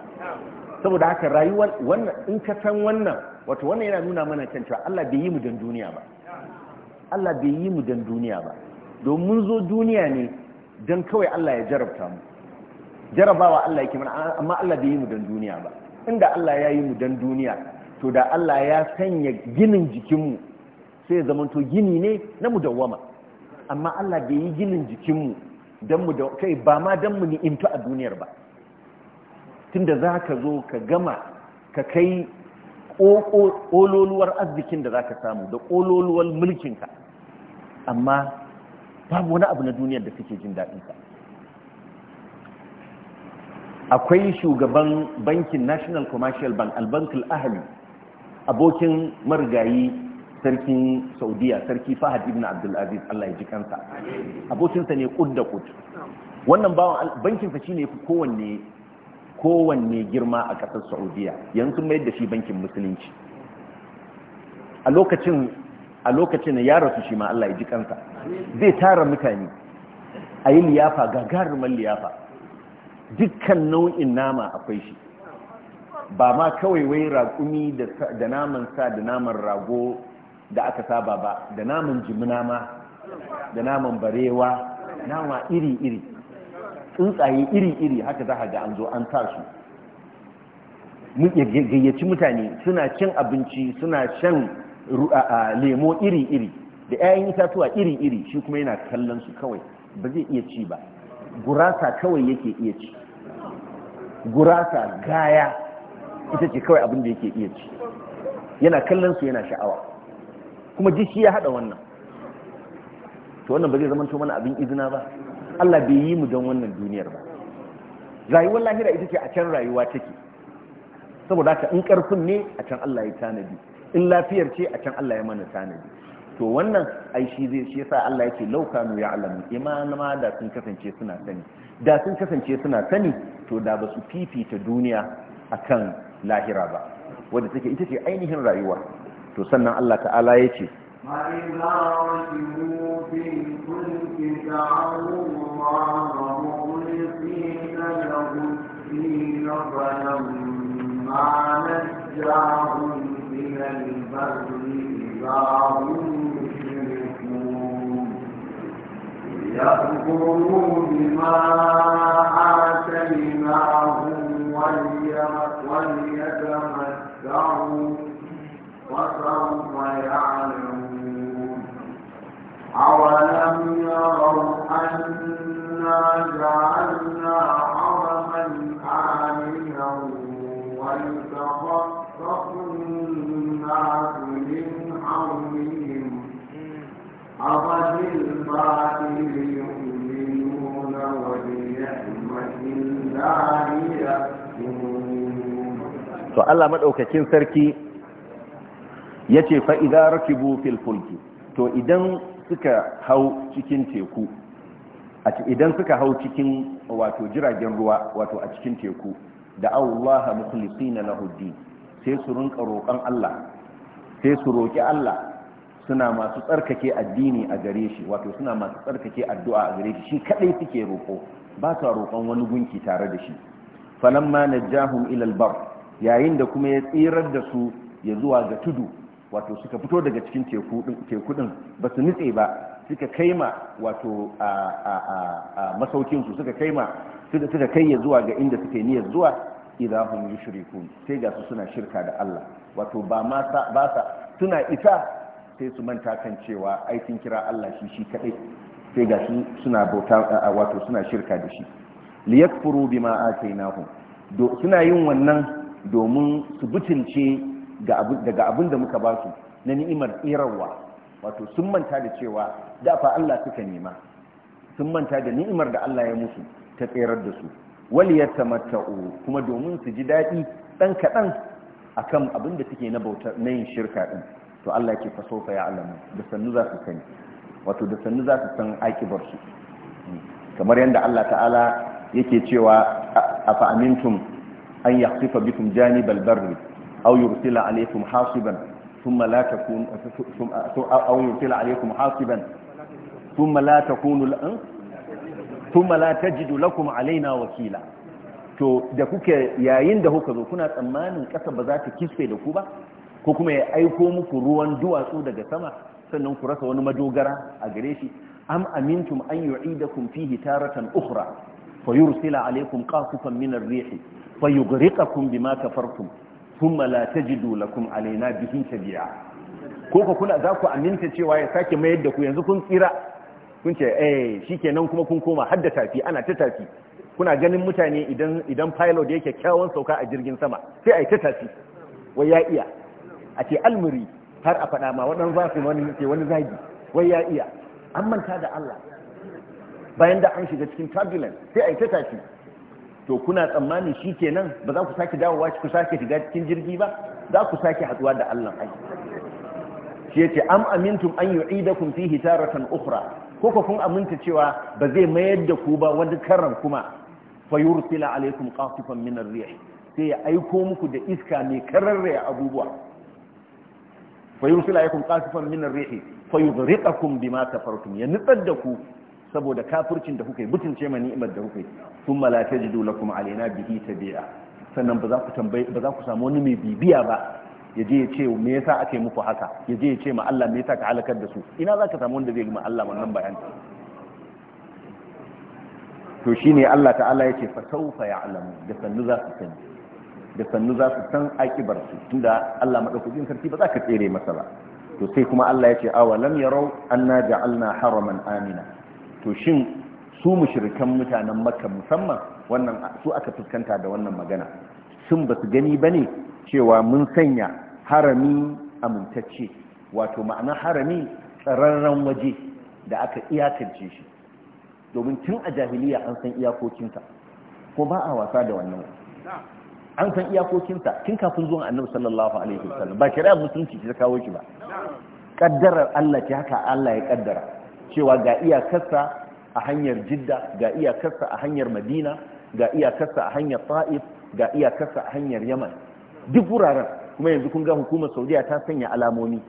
saboda haka rayuwar wannan in ka san wannan wato wannan yana nuna mana kan cewa Allah bai yi mu dan duniya ba Allah bai yi mu dan duniya ba domin mun zo duniya ne dan kawai Allah ya jarabta mu jarabawa Allah yake mana amma Allah bai yi mu dan duniya ba inda Allah ya yi mu dan duniya to da Allah ya sanya ginin jikinmu sai ya to gini ne na mudawwama amma Allah bai yi ginin jikinmu dan mu kai ba ma dan mu ni'imtu a duniyar ba tunda zaka zo ka gama ka kai ƙololuwar arzikin da zaka samu da ƙololuwar ka amma babu wani abu na duniyar da kake jin ka. akwai shugaban bankin national commercial bank albankul ahali abokin marigayi sarkin saudiya sarki fahad ibn abdulaziz allah ya ji kansa abokinsa ne kud da kud wannan bawan bankinsa shi ne kowanne girma a kasar saudiya yanzu mai da shi bankin musulunci a lokacin a ya rasu shi ma allah ya ji kansa zai tara mutane a yi liyafa gagarumin liyafa dukkan nau'in nama akwai shi ba ma kawai wai raƙumi da naman sa da naman rago da aka saba ba da naman jimina ma da naman barewa nama iri-iri tsuntsaye iri-iri haka za ga an zo an sa su gayyaci mutane suna cin abinci suna shan lemo iri-iri da 'ya'yan itatuwa iri-iri shi kuma yana kallon su kawai ba zai iya ci ba gurasa kawai yake iya ci gurasa gaya ita ce kawai abin da yake iya ci yana kallon su yana sha'awa kuma ji shi ya hada wannan to wannan ba zai zama mana abin izina ba Allah bai yi mu don wannan duniyar ba rayuwar lahira ita ce a can rayuwa take saboda haka in karfin ne a can Allah ya tanadi in lafiyar ce a can Allah ya mana tanadi to wannan ai shi zai shi yasa Allah yake lauka kanu alamu iman ma da sun kasance suna sani da sun kasance suna sani to da ba su fifita duniya akan lahira ba wadda take ita ce ainihin rayuwa to sannan Allah ta'ala ya ce ركبوا نجاهم إلى البر معهم يشركون ليكفروا بما آتيناهم وليتمتعوا وسوف يعلمون أولم يروا أنا جعلنا حرما آمنا ويتخطف الناس عظيم أفبالباطل يؤمنون وبنعمة الله يكفرون فالله مدعوككين سركي yace fa idza rakibu fil fulki to idan suka hau cikin teku a idan suka hau cikin wato jiragen ruwa wato a cikin teku da Allah mukhlisina lahu din sai su rinka roƙon Allah sai su roƙi Allah suna masu tsarkake addini a gare shi wato suna masu tsarkake addu'a a gare shi shi kaɗai suke roƙo ba sa roƙon wani gunki tare da shi falamma najahum ila albar yayin da kuma ya tsirar da su ya zuwa ga tudu wato suka fito daga cikin teku din ba su nitse ba suka kaima wato a masaukin su suka kaima suka kai ya zuwa ga inda suke niyyar zuwa idahum yushrikun sai ga su suna shirka da Allah wato ba ma ba sa suna isa sai su manta kan cewa aikin kira Allah shi shi kadai sai ga shi suna bauta wato suna shirka da shi yakfuru bima atainahu do suna yin wannan domin su butunce daga abin da muka ba su na ni'imar tsirarwa wato sun manta da cewa da fa Allah suka nema sun manta da ni'imar da Allah ya musu ta tserar da su wal yatamatta'u kuma domin su ji dadi dan kadan akan abin da suke na bautar na yin shirka din to Allah yake fa sofa ya alamu da sannu za su sani wato da sannu za su san akibar su kamar yadda Allah ta'ala yake cewa a amintum an yaqtifa bikum janibal barri auyur yursila alaykum hasiban sun malata kunu la'an yursila malata hasiban hmm? lakum alaina wakila to da kuke yayin da kuka zo kuna tsammanin ƙasa ba za ta kisfe da ku ba ko kuma ya aiko muku ruwan duwatsu daga sama sannan ku rasa wani madogara a gare shi am amintum an yu'idakum fihi taratan ukhra fa yursila alaykum qasifan min ar-rihi fa yughriqakum bima kafartum thumma la tajidu lakum alaina bihi tabi'a ko ko kuna za ku aminta cewa ya sake mayar da ku yanzu kun tsira kun ce eh shikenan kuma kun koma hadda tafi ana ta tafi kuna ganin mutane idan idan pilot yake kyawun sauka a jirgin sama sai a yi ta tafi wai ya iya a ce almuri har a faɗa ma waɗansu za su wani ce wani zagi wai ya iya an manta da Allah bayan da an shiga cikin turbulence sai a yi ta tafi to kuna tsammani shi nan ba za ku sake dawowa ku sake shiga cikin jirgi ba za ku sake haɗuwa da Allah ai shi yace am amintum an yu'idakum fihi taratan ukhra ko kun aminta cewa ba zai mayar da ku ba wani karan kuma fayurtila alaikum qatifan min ar-rih sai ya aiko muku da iska mai kararre abubuwa fayurtila alaikum qatifan min ar-rih fayughriqakum bima kafartum ya nitsar da ku saboda kafircin da kuka yi mutunce ma ni'imar da kuka yi thumma la tajidu lakum alaina bihi tabi'a sannan ba za ku tambaye ba za ku samu wani mai bibiya ba ya je ya ce me yasa ake muku haka ya je ya ce ma Allah me yasa ka halakar da su ina za ka samu wanda zai yi ma Allah wannan bayani to ne Allah ta'ala yace fa ya ya'lamu da sannu za su sani da sannu za su san akibar su tunda Allah madaukakin sarki ba za ka tsere masa ba to sai kuma Allah yace awalam yarau anna ja'alna haraman amina to shin su mushrikan mutanen Makka musamman wannan su aka fuskanta da wannan magana sun ba su gani ne cewa mun sanya harami amintacce wato ma'ana harami tsararren waje da aka iyakance shi domin tun a jahiliya an san iyakokinta ko ba a wasa da wannan an san iyakokinta tun kafin zuwan annabi sallallahu alaihi wasallam ba kira musulunci ta kawo shi ba kaddarar Allah ce haka Allah ya kaddara cewa ga iyakarsa a hanyar Jidda ga iyakarsa a hanyar Madina ga iyakarsa a hanyar Ta'if ga iyakarsa a hanyar Yaman duk wuraren kuma yanzu kun ga hukumar Saudiya ta sanya alamomi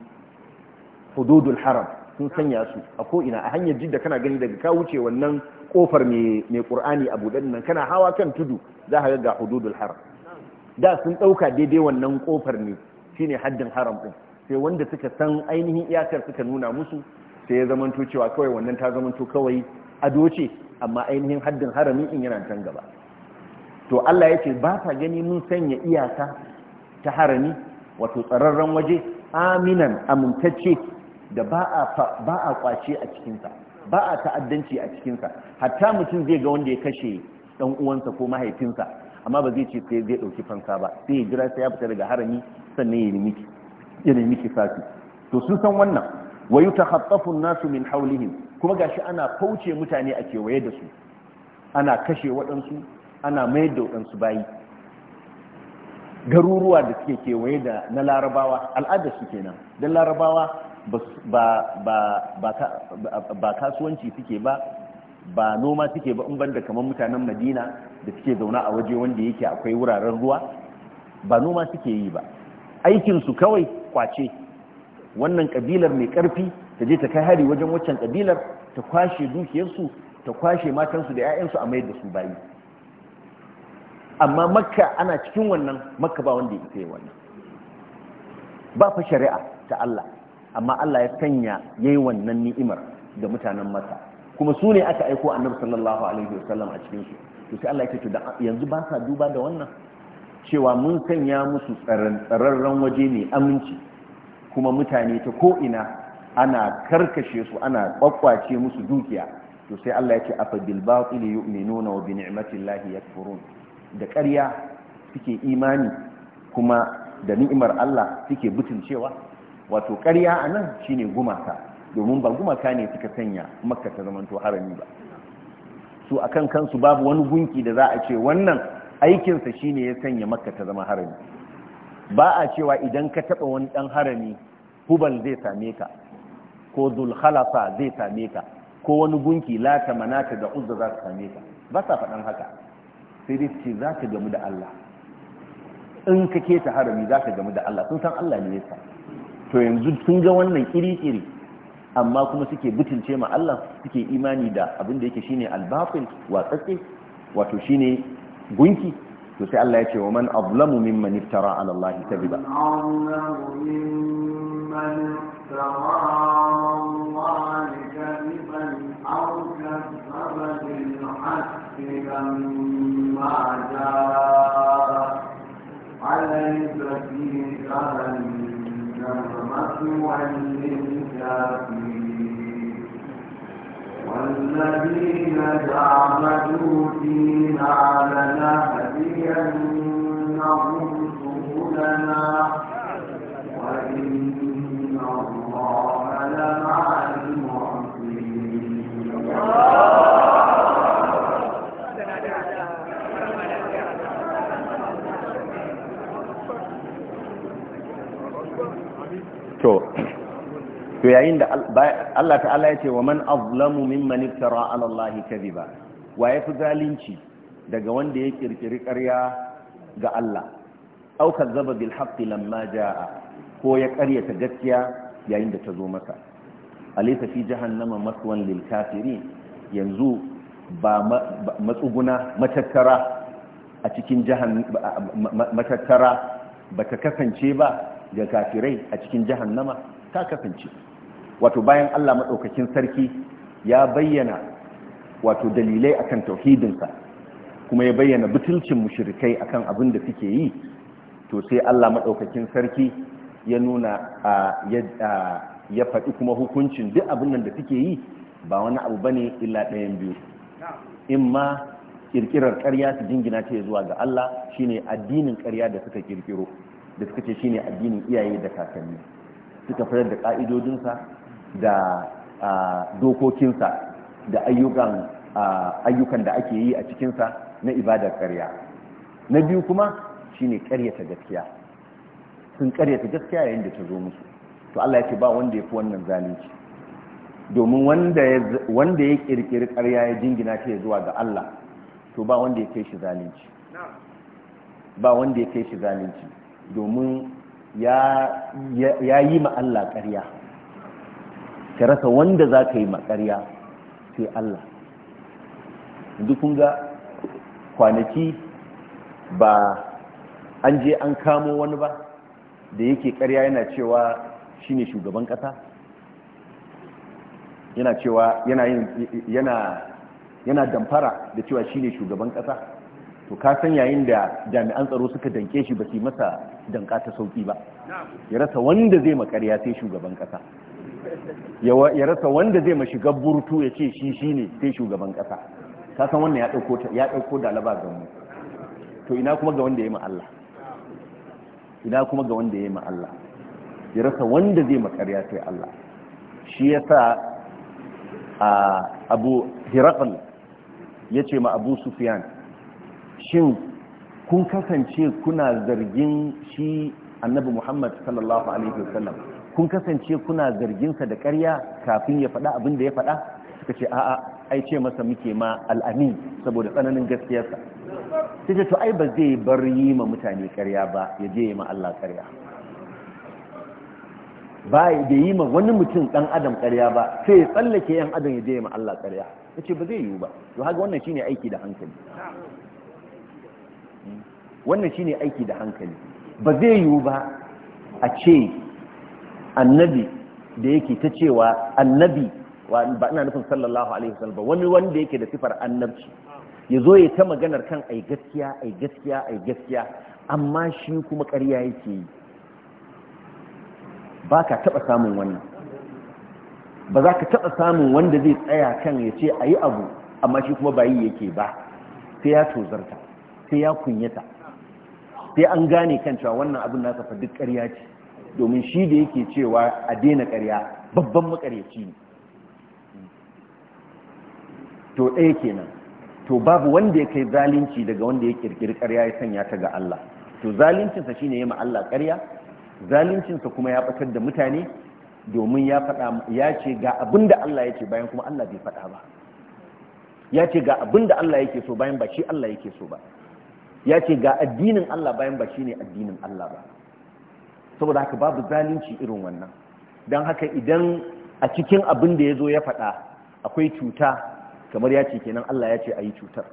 hududul haram sun sanya su a ko'ina a hanyar jidda kana gani daga ka wuce wannan kofar mai ƙur'ani a buɗe nan kana hawa kan tudu za ka ga hududul haram da sun ɗauka daidai wannan kofar ne shine haddin haram ɗin sai wanda suka san ainihin iyakar suka nuna musu sai ya zamanto cewa kawai wannan ta zamanto kawai ado ce amma ainihin haddin haramin in yana can gaba to Allah ya ce ba ta gani mun sanya iyaka ta harami wato tsararren waje aminan amintacce da ba a kwace a cikinsa ba a ta'addanci a cikinsa hatta mutum zai ga wanda ya kashe ɗan uwansa ko mahaifinsa amma ba zai ce sai zai ɗauki fansa ba sai ya jira sai ya fita daga harami sannan ya nemi ya to sun san wannan wayu ta an-nasu min hawlihim kuma gashi ana kauce mutane a kewaye da su ana kashe waɗansu ana mayar da waɗansu bayi garuruwa da suke kewaye da na larabawa al'adar su kenan don larabawa ba kasuwanci suke ba ba noma suke ba in da kamar mutanen madina da suke zauna a waje wanda yake akwai wuraren ruwa ba noma suke yi ba aikinsu kawai kwace wannan kabilar mai karfi ta je ta kai hari wajen waccan kabilar ta kwashe dukiyarsu ta kwashe matansu da 'ya'yansu a mayar da su bayi amma makka ana cikin wannan makka ba wanda ya isa wannan ba fa shari'a ta Allah amma Allah ya sanya yayi wannan ni'imar da mutanen masa kuma su ne aka aiko annabi sallallahu alaihi wasallam a cikin su to sai Allah ya ce yanzu ba sa duba da wannan cewa mun sanya musu tsararran waje ne aminci kuma mutane ta ko ina ana karkashe su ana kwakwace musu dukiya to sai Allah ya ce afa bil batil yu'minuna wa bi ni'matillahi yakfurun da ƙarya suke imani kuma da ni'imar Allah suke butulcewa wato ƙarya a nan shine gumaka domin ba gumaka ne suka sanya makka ta zamanto harami ba su akan kansu babu wani gunki da za a ce wannan aikinsa shine ya sanya makka ta zama harami ba a cewa idan ka taɓa wani ɗan harami hubal zai same ka ko zulhalafa zai same ka ko wani gunki lata manata da uzza za su same ka ba sa faɗan haka sai dai ce za ka gamu da Allah in ka keta harami za ka gamu da Allah sun san Allah ne ya sa to yanzu sun ga wannan kiri-kiri amma kuma suke butulce ma Allah suke imani da abin da yake shine albafin batil wato shine gunki to sai Allah ya ce wa man azlamu mimman iftara ala Allah kadiba لما جاء رحمة للكافرين والذين جعلوا فينا لنهدينهم سبلنا وإن الله لمع المحسنين to to yayin da Allah ta'ala ya ce wa man azlamu mimman iftara ala Allah kadhiba wa yafi zalunci daga wanda ya kirkiri ƙarya ga Allah au kadzaba bil haqqi lamma jaa ko ya ƙaryata gaskiya yayin da ta zo maka alaysa fi jahannama maswan lil kafirin yanzu ba matsuguna matattara a cikin jahannama matattara bata kasance ba ga kafirai a cikin jahannama ta kasance wato bayan Allah maɗaukakin sarki ya bayyana wato dalilai akan tauhidinsa kuma ya bayyana butulcin mushrikai akan abin da suke yi to sai Allah maɗaukakin sarki ya nuna ya faɗi kuma hukuncin duk abin nan da suke yi ba wani abu bane illa ɗayan biyu in ma ƙirƙirar ƙarya su jingina ce zuwa ga Allah shine addinin ƙarya da suka ƙirƙiro da suka ce shine addinin iyaye da kakanni suka fitar da ƙa'idodinsa da dokokinsa da ayyukan da ake yi a cikinsa na ibadar ƙarya na biyu kuma shine ƙaryata gaskiya sun ƙaryata gaskiya yayin da ta zo musu to Allah ya ce ba wanda ya fi wannan zalunci domin wanda ya ƙirƙiri ƙarya ya jingina ce zuwa ga Allah to ba wanda ya kai shi zalunci ba wanda ya kai shi zalunci domin ya yi ma Allah ƙarya ka rasa wanda za ka yi ma ƙarya sai Allah dukun ga kwanaki ba an je an kamo wani ba da yake ƙarya yana cewa shi ne shugaban ƙasa yana cewa yana damfara da cewa shi ne shugaban ƙasa to ka san yayin da jami'an tsaro suka danke shi ba su masa danka ta sauki ba ya rasa wanda zai makarya sai shugaban kasa ya rasa wanda zai mashigar burtu ya ce shi shi ne sai shugaban kasa ka san wannan ya ɗauko dalaba ga mu to ina kuma ga wanda ya yi ma'alla ina kuma ga wanda ya yi Allah ya rasa wanda zai makarya sai Allah shi ya sa abu hirakal ya ce ma abu sufiyan shin kun kasance kuna zargin shi annabi muhammad sallallahu alaihi wasallam kun kasance kuna zarginsa da ƙarya kafin ya faɗa abin da ya faɗa suka ce a'a ai ce masa muke ma al'ani saboda tsananin gaskiyarsa sai ce to ai ba zai bar yi ma mutane ƙarya ba ya je ma Allah ƙarya ba ya yi ma wani mutum ɗan adam ƙarya ba sai ya tsallake yan adam ya je ma Allah ƙarya sai ce ba zai yiwu ba to haka wannan shine aiki da hankali wannan shine aiki da hankali ba zai yiwu ba a ce annabi da yake ta cewa annabi ba ina nufin sallallahu alaihi wasallam ba wani wanda yake da sifar annabci ya zo ya ta maganar kan ai gaskiya ai gaskiya ai gaskiya amma shi kuma ƙarya yake yi ba ka taɓa samun wannan ba za ka taɓa samun wanda zai tsaya kan ya ce a yi abu amma shi kuma bayi yake ba sai ya tozarta sai ya kunyata sai an gane kan cewa wannan abin nasa fa duk ƙarya ce domin shi da yake cewa a daina ƙarya babban makaryaci ne to ɗaya kenan to babu wanda ya kai zalunci daga wanda ya kirkiri ƙarya ya sanya ta ga Allah to zaluncinsa shine ya ma Allah ƙarya zaluncinsa kuma ya batar da mutane domin ya faɗa ya ce ga abin da Allah ya ce bayan kuma Allah bai faɗa ba ya ce ga abin da Allah yake so bayan ba shi Allah yake so ba ya ce ga addinin Allah bayan ba shi ne addinin Allah ba saboda haka babu zalunci irin wannan don haka idan a cikin abin da ya zo ya faɗa akwai cuta kamar ya ce kenan Allah ya ce a yi cutar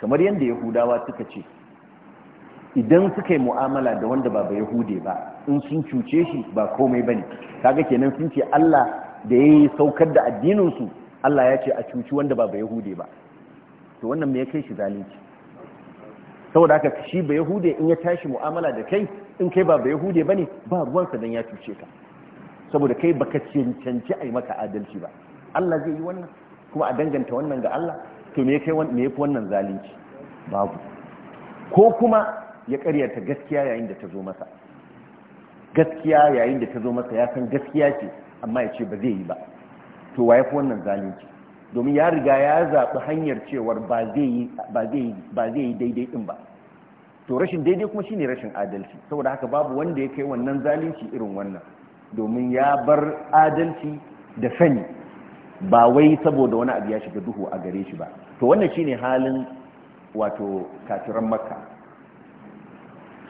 kamar yadda yahudawa suka ce idan suka yi mu'amala da wanda ba yahude ba in sun cuce shi ba komai ba ne kaga kenan sun ce Allah da ya yi saukar da addininsu Allah ya ce a cuci wanda ba yahude ba to wannan me ya kai shi zalunci saboda haka kashi ba yahude in ya tashi mu'amala da kai in kai ba ba yahude bane ba ruwansa dan ya cuce ka saboda kai baka cancanci ai maka adalci ba Allah zai yi wannan kuma a danganta wannan ga Allah to me kai me yafi wannan zalunci babu ko kuma ya karyata gaskiya yayin da ta zo masa gaskiya yayin da ta zo masa ya san gaskiya ce amma ya ce ba zai yi ba to wa yafi wannan zalunci domin ya riga ya zaɓi hanyar cewar ba zai yi daidai ɗin ba to rashin daidai kuma shine rashin adalci saboda haka babu wanda ya kai wannan zalunci irin wannan domin ya bar adalci da sani ba wai saboda wani abu ya shiga duhu a gare shi ba to wannan shine halin wato kafiran makka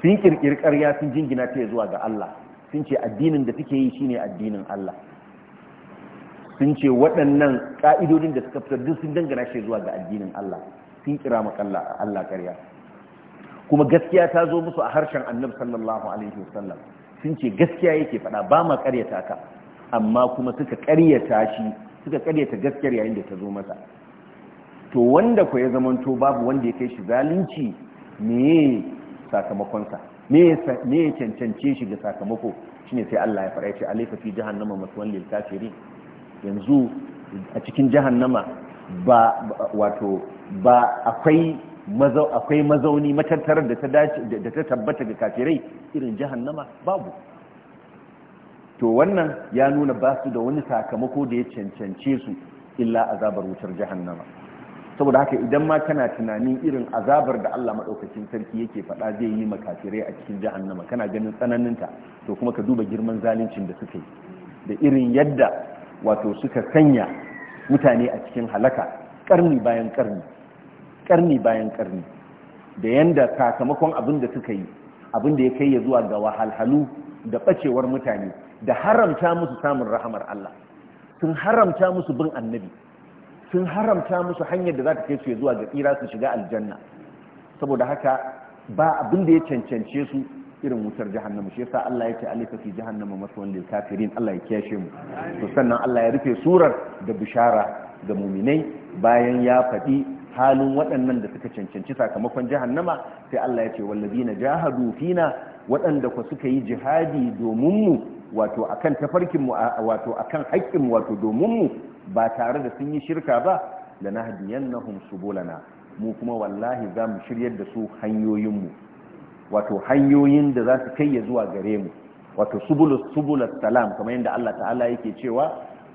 sun kirkiri ƙarya sun jingina ta zuwa ga Allah sun ce addinin da suke yi shine addinin Allah sun ce waɗannan ƙa'idodin da suka fitar duk sun dangana shi zuwa ga addinin Allah sun kira makalla Allah ƙarya kuma gaskiya ta zo musu a harshen annabi sallallahu alaihi wasallam sun ce gaskiya yake faɗa ba ma ƙaryata ka amma kuma suka ƙaryata shi suka ƙaryata gaskiyar yayin da ta zo masa to wanda ku ya zamanto babu wanda ya kai shi zalunci me sakamakonsa me ya cancance shi ga sakamako Shi ne sai Allah ya faɗa ya ce alaifa fi jahannama maswan lil kafirin yanzu a cikin jahannama ba wato ba akwai akwai mazauni matattarar da ta dace da ta tabbata ga kafirai irin jahannama babu to wannan ya nuna ba su da wani sakamako da ya cancance su illa azabar wutar jahannama saboda haka idan ma kana tunanin irin azabar da Allah madaukakin sarki yake faɗa zai yi makafirai a cikin jahannama kana ganin tsananinta to kuma ka duba girman zaluncin da suka yi da irin yadda wato suka sanya mutane a cikin halaka karni bayan karni karni bayan karni da yanda sakamakon abin da suka yi abin da ya kai ya zuwa ga wahalhalu da bacewar mutane da haramta musu samun rahamar Allah sun haramta musu bin annabi sun haramta musu hanyar da za ta kai su ya zuwa ga tsira su shiga aljanna saboda haka ba abin da ya cancance su irin wutar jahannama shi yasa Allah ya ce alika fi jahannama maswan lil kafirin Allah ya kiyashe mu to sannan Allah ya rufe surar da bishara ga muminai bayan ya faɗi halin waɗannan da suka cancanci sakamakon jahannama sai Allah ya ce wallazina jahadu fina waɗanda ku suka yi jihadi domin mu wato akan tafarkin mu wato akan haƙƙin mu wato domin mu ba tare da sun yi shirka ba lanahdiyannahum subulana mu kuma wallahi za mu shiryar da su hanyoyin mu wato hanyoyin da za su kai ya zuwa gare mu wato subulus subulus salam kamar yadda Allah ta'ala yake cewa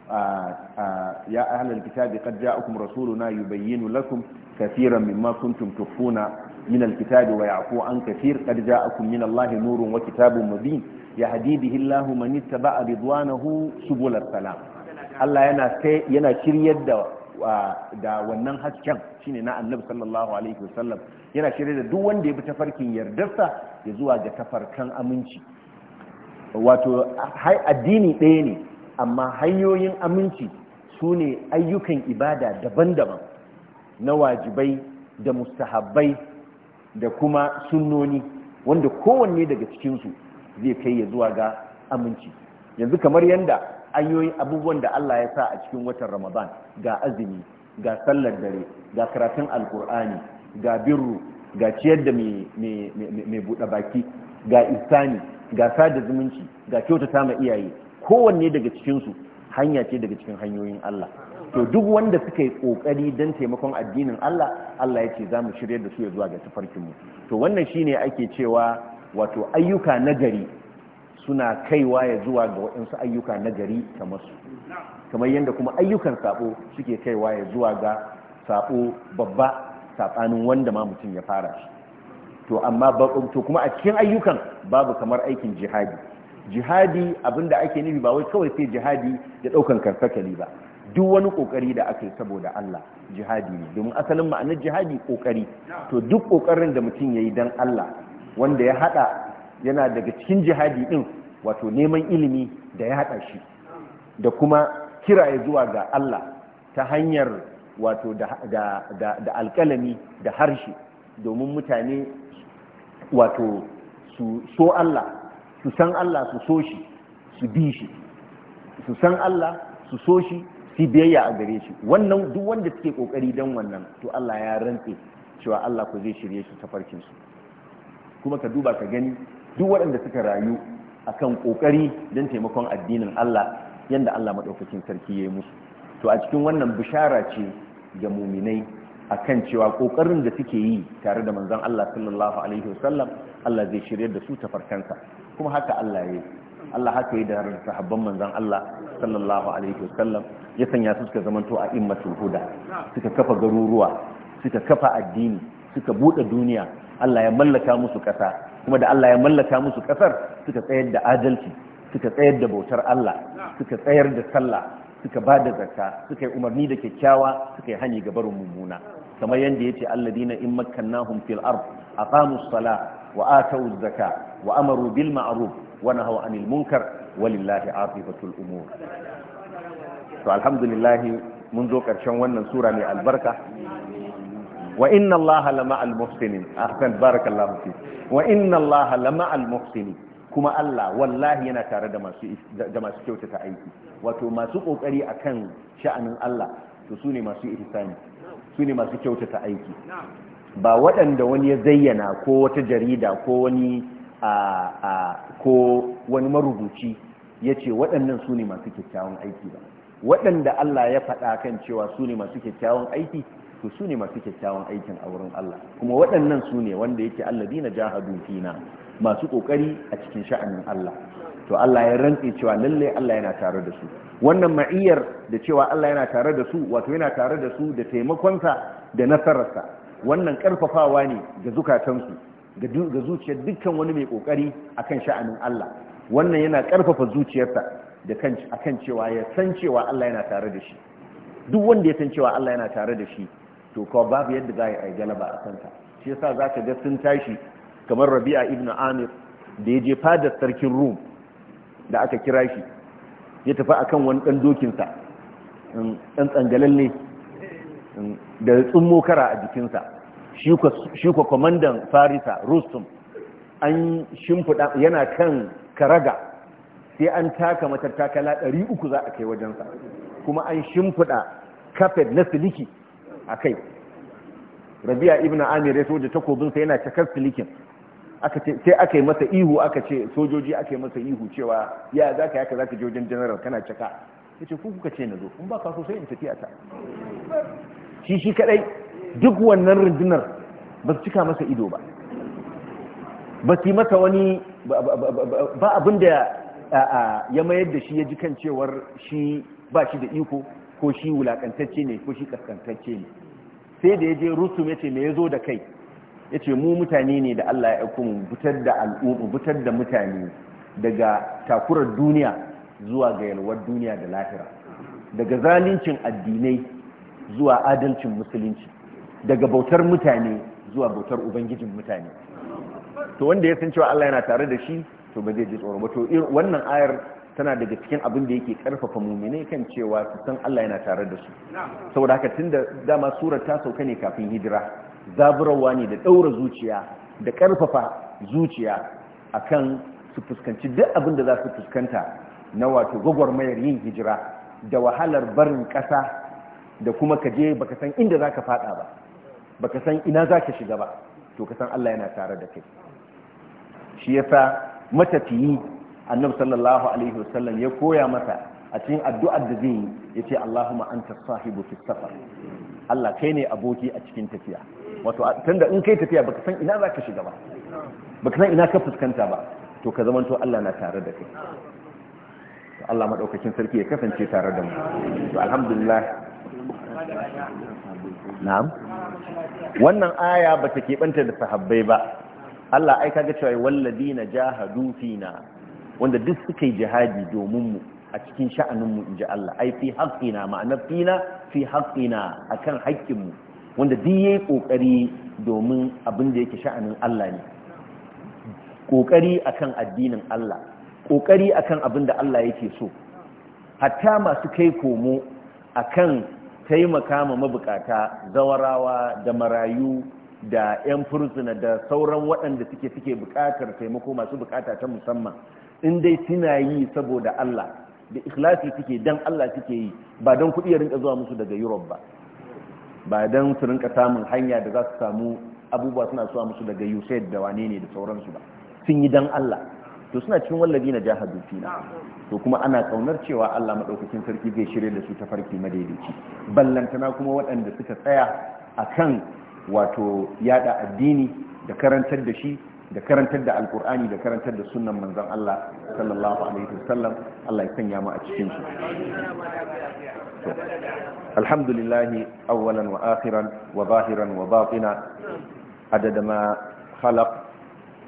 ah, ah, ya ahlal kitabi qad ja'akum rasuluna yubayyinu lakum kathiran mimma kuntum tukhfuna min alkitabi wa ya'fu an kathir qad ja'akum min Allahi nurun wa kitabun mubin yahdi bihi Allahu man ittaba'a ridwanahu subulus salam Allah yana yana shiryar da da wannan hasken shine na Annabi sallallahu alaihi wasallam yana shirya da duk wanda ya bi tafarkin yardarsa ya zuwa ga tafarkan aminci wato addini ɗaya ne amma hanyoyin aminci su ne ayyukan ibada daban-daban na wajibai da mustahabbai da kuma sunnoni wanda kowanne daga cikinsu zai kai ya zuwa ga aminci yanzu kamar yadda hanyoyin abubuwan da Allah ya sa a cikin watan ramadan ga azumi ga sallar dare ga karatun alkur'ani ga birru ga ciyar da mai buɗe baki ga isani ga sada zumunci ga kyautata ma iyaye kowanne daga cikinsu hanya ce daga cikin hanyoyin Allah to duk wanda suka yi kokari don taimakon addinin Allah Allah ya ce za mu shirya da su ya zuwa ga tafarkinmu to wannan shine ake cewa wato ayyuka nagari suna kaiwa ya zuwa ga waɗansu ayyuka nagari kamar su kamar yadda kuma ayyukan saɓo suke kaiwa ya zuwa ga sabo babba saɓanin wanda ma mutum ya fara shi to amma to kuma a cikin ayyukan babu kamar aikin jihadi jihadi abinda ake nufi ba wai kawai sai jihadi ya ɗaukan karfakali ba duk wani kokari da aka saboda Allah jihadi ne domin asalin ma'anar jihadi kokari to duk kokarin da mutum yayi dan Allah wanda ya hada yana daga cikin jihadi din wato neman ilimi da ya hada shi da kuma kiraye zuwa ga Allah ta hanyar wato da alkalami da harshe domin mutane wato su so Allah su san Allah su so shi su bi shi su san Allah su so shi su biyayya a gare shi wannan duk wanda suke kokari don wannan to Allah ya rantse cewa Allah ku zai shirye su tafarkinsu su kuma ka duba ka gani duk waɗanda suka rayu akan kokari don taimakon addinin Allah yanda Allah madaukakin sarki ya yi musu to a cikin wannan bishara ce ga muminai akan cewa kokarin da suke yi tare da manzon Allah sallallahu alaihi wasallam Allah zai shirya da su tafarkansa kuma haka Allah ya Allah haka ya da sahabban manzon Allah sallallahu alaihi wasallam ya sanya su suka zamanto a immatul huda suka kafa garuruwa suka kafa addini suka bude duniya Allah ya mallaka musu kasa kuma da Allah ya mallaka musu kasar suka tsayar da adalci suka tsayar da bautar Allah suka tsayar da sallah suka ba da zakka suka yi umarni da kyakkyawa suka yi hani ga barin mummuna kamar yadda yace alladina in makkannahum fil ard aqamu as-sala wa atau az-zaka wa amaru bil ma'ruf wa nahaw anil munkar walillahi afifatul umur to alhamdulillah mun zo karshen wannan sura mai albarka wa inna allaha lama al-muhsinin ahsan barakallahu fi wa inna allaha lama al-muhsinin kuma Allah wallahi yana tare da masu da masu kyautata aiki wato masu kokari akan sha'anin Allah to sune masu ihsani sune masu kyautata aiki ba waɗanda wani ya zayyana ko wata jarida ko wani a ko wani marubuci yace ce waɗannan su masu kyakkyawan aiki ba waɗanda Allah ya faɗa kan cewa sune masu kyakkyawan aiki to su masu kyakkyawan aikin a wurin Allah kuma waɗannan su ne wanda yake alladina jahadu fina masu kokari a cikin sha'anin Allah to Allah ya rantse cewa lalle Allah yana tare da su wannan ma'iyyar da cewa Allah yana tare da su wato yana tare da su da taimakonsa da nasararsa wannan karfafawa ne ga zukatansu ga zuciyar dukkan wani mai kokari akan sha'anin Allah wannan yana karfafa zuciyarsa da kan akan cewa ya san cewa Allah yana tare da shi duk wanda ya san cewa Allah yana tare da shi to ko babu yadda za a yi galaba a kansa shi yasa za ga sun tashi kamar rabi'a ibn amir da ya je fadar sarkin rum da aka kira shi ya tafi akan wani ɗan dokinsa ɗan ne da tsummo kara a jikinsa shi kwamandan farisa rustum an shimfiɗa yana kan karaga sai an taka matattakala 300 za a kai wajensa kuma an shimfiɗa kafet na siliki a kai rabia ibn amir ya soja takobinsa yana cakar silikin aka ce sai aka yi masa ihu aka ce sojoji aka yi masa ihu cewa ya za ka yaka za ka je wajen general kana cika ya ce kuka ce na zo in ba ka sai in tafi a ta shi shi kadai duk wannan rundunar ba su cika masa ido ba ba su yi masa wani ba abin da ya mayar da shi ya ji kan cewar shi ba shi da iko ko shi wulakantacce ne ko shi kaskantacce ne sai da ya je rusu ya ce me ya zo da kai ya ce mu mutane ne da Allah ya aiko mu butar da al'umma butar da mutane daga takurar duniya zuwa ga yalwar duniya da lahira daga zalincin addinai zuwa adalcin musulunci daga bautar mutane zuwa bautar ubangijin mutane to wanda ya san cewa Allah yana tare da shi to ba zai ji tsoro ba to wannan ayar tana daga cikin abin da yake karfafa mumine kan cewa su san Allah yana tare da su saboda haka tunda dama surar ta sauka ne kafin hijira zaburarwa ne da ɗaura zuciya da ƙarfafa zuciya a kan su fuskanci duk abin da za su fuskanta na wato gwagwarmayar yin hijira da wahalar barin ƙasa da kuma ka je baka san inda za ka faɗa ba baka san ina za ka shiga ba to ka san Allah yana tare da kai shi yasa matafiyi annabi sallallahu alaihi wasallam ya koya masa a cikin addu'ar da zai yi yace Allahumma anta sahibu fi safar Allah kai ne aboki a cikin tafiya wato tunda in kai tafiya baka san ina zaka shiga ba baka san ina ka fuskanta ba to ka zaman to Allah na tare da kai to Allah madaukakin sarki ya kasance tare da mu to alhamdulillah na'am wannan aya bata keɓanta da sahabbai ba Allah ai kaga cewa walladina jahadu fina wanda duk suka yi jihadi domin mu a cikin sha'anin mu inji Allah ai fi haqqina ma'ana fina fi haqqina akan haƙƙin mu wanda duk yayi ƙoƙari domin abin da yake sha'anin Allah ne ƙoƙari akan addinin Allah ƙoƙari akan abin da Allah yake so hatta masu kai komo akan taimaka ma mabukata zawarawa da marayu da 'yan fursuna da sauran waɗanda suke suke buƙatar taimako masu buƙata ta musamman in dai suna yi saboda Allah da ikhlasi suke don Allah suke yi ba don kuɗi ya rinka zuwa musu daga Europe ba ba don su rinka samun hanya da za su samu abubuwa suna suwa musu daga usaid da wane ne da sauransu ba sun yi don allah to suna cikin wallabi na jihar dukina to kuma ana kaunar cewa allah maɗaukacin sarki zai shirya da su ta farki madaidaici ballantana kuma waɗanda suka tsaya a kan wato yada addini da karantar da shi da karantar da alkur'ani da karantar da sunan manzan Allah sallallahu alaihi wasallam Allah ya sanya mu a cikin su alhamdulillah awwalan wa akhiran wa zahiran wa batina adada ma khalaq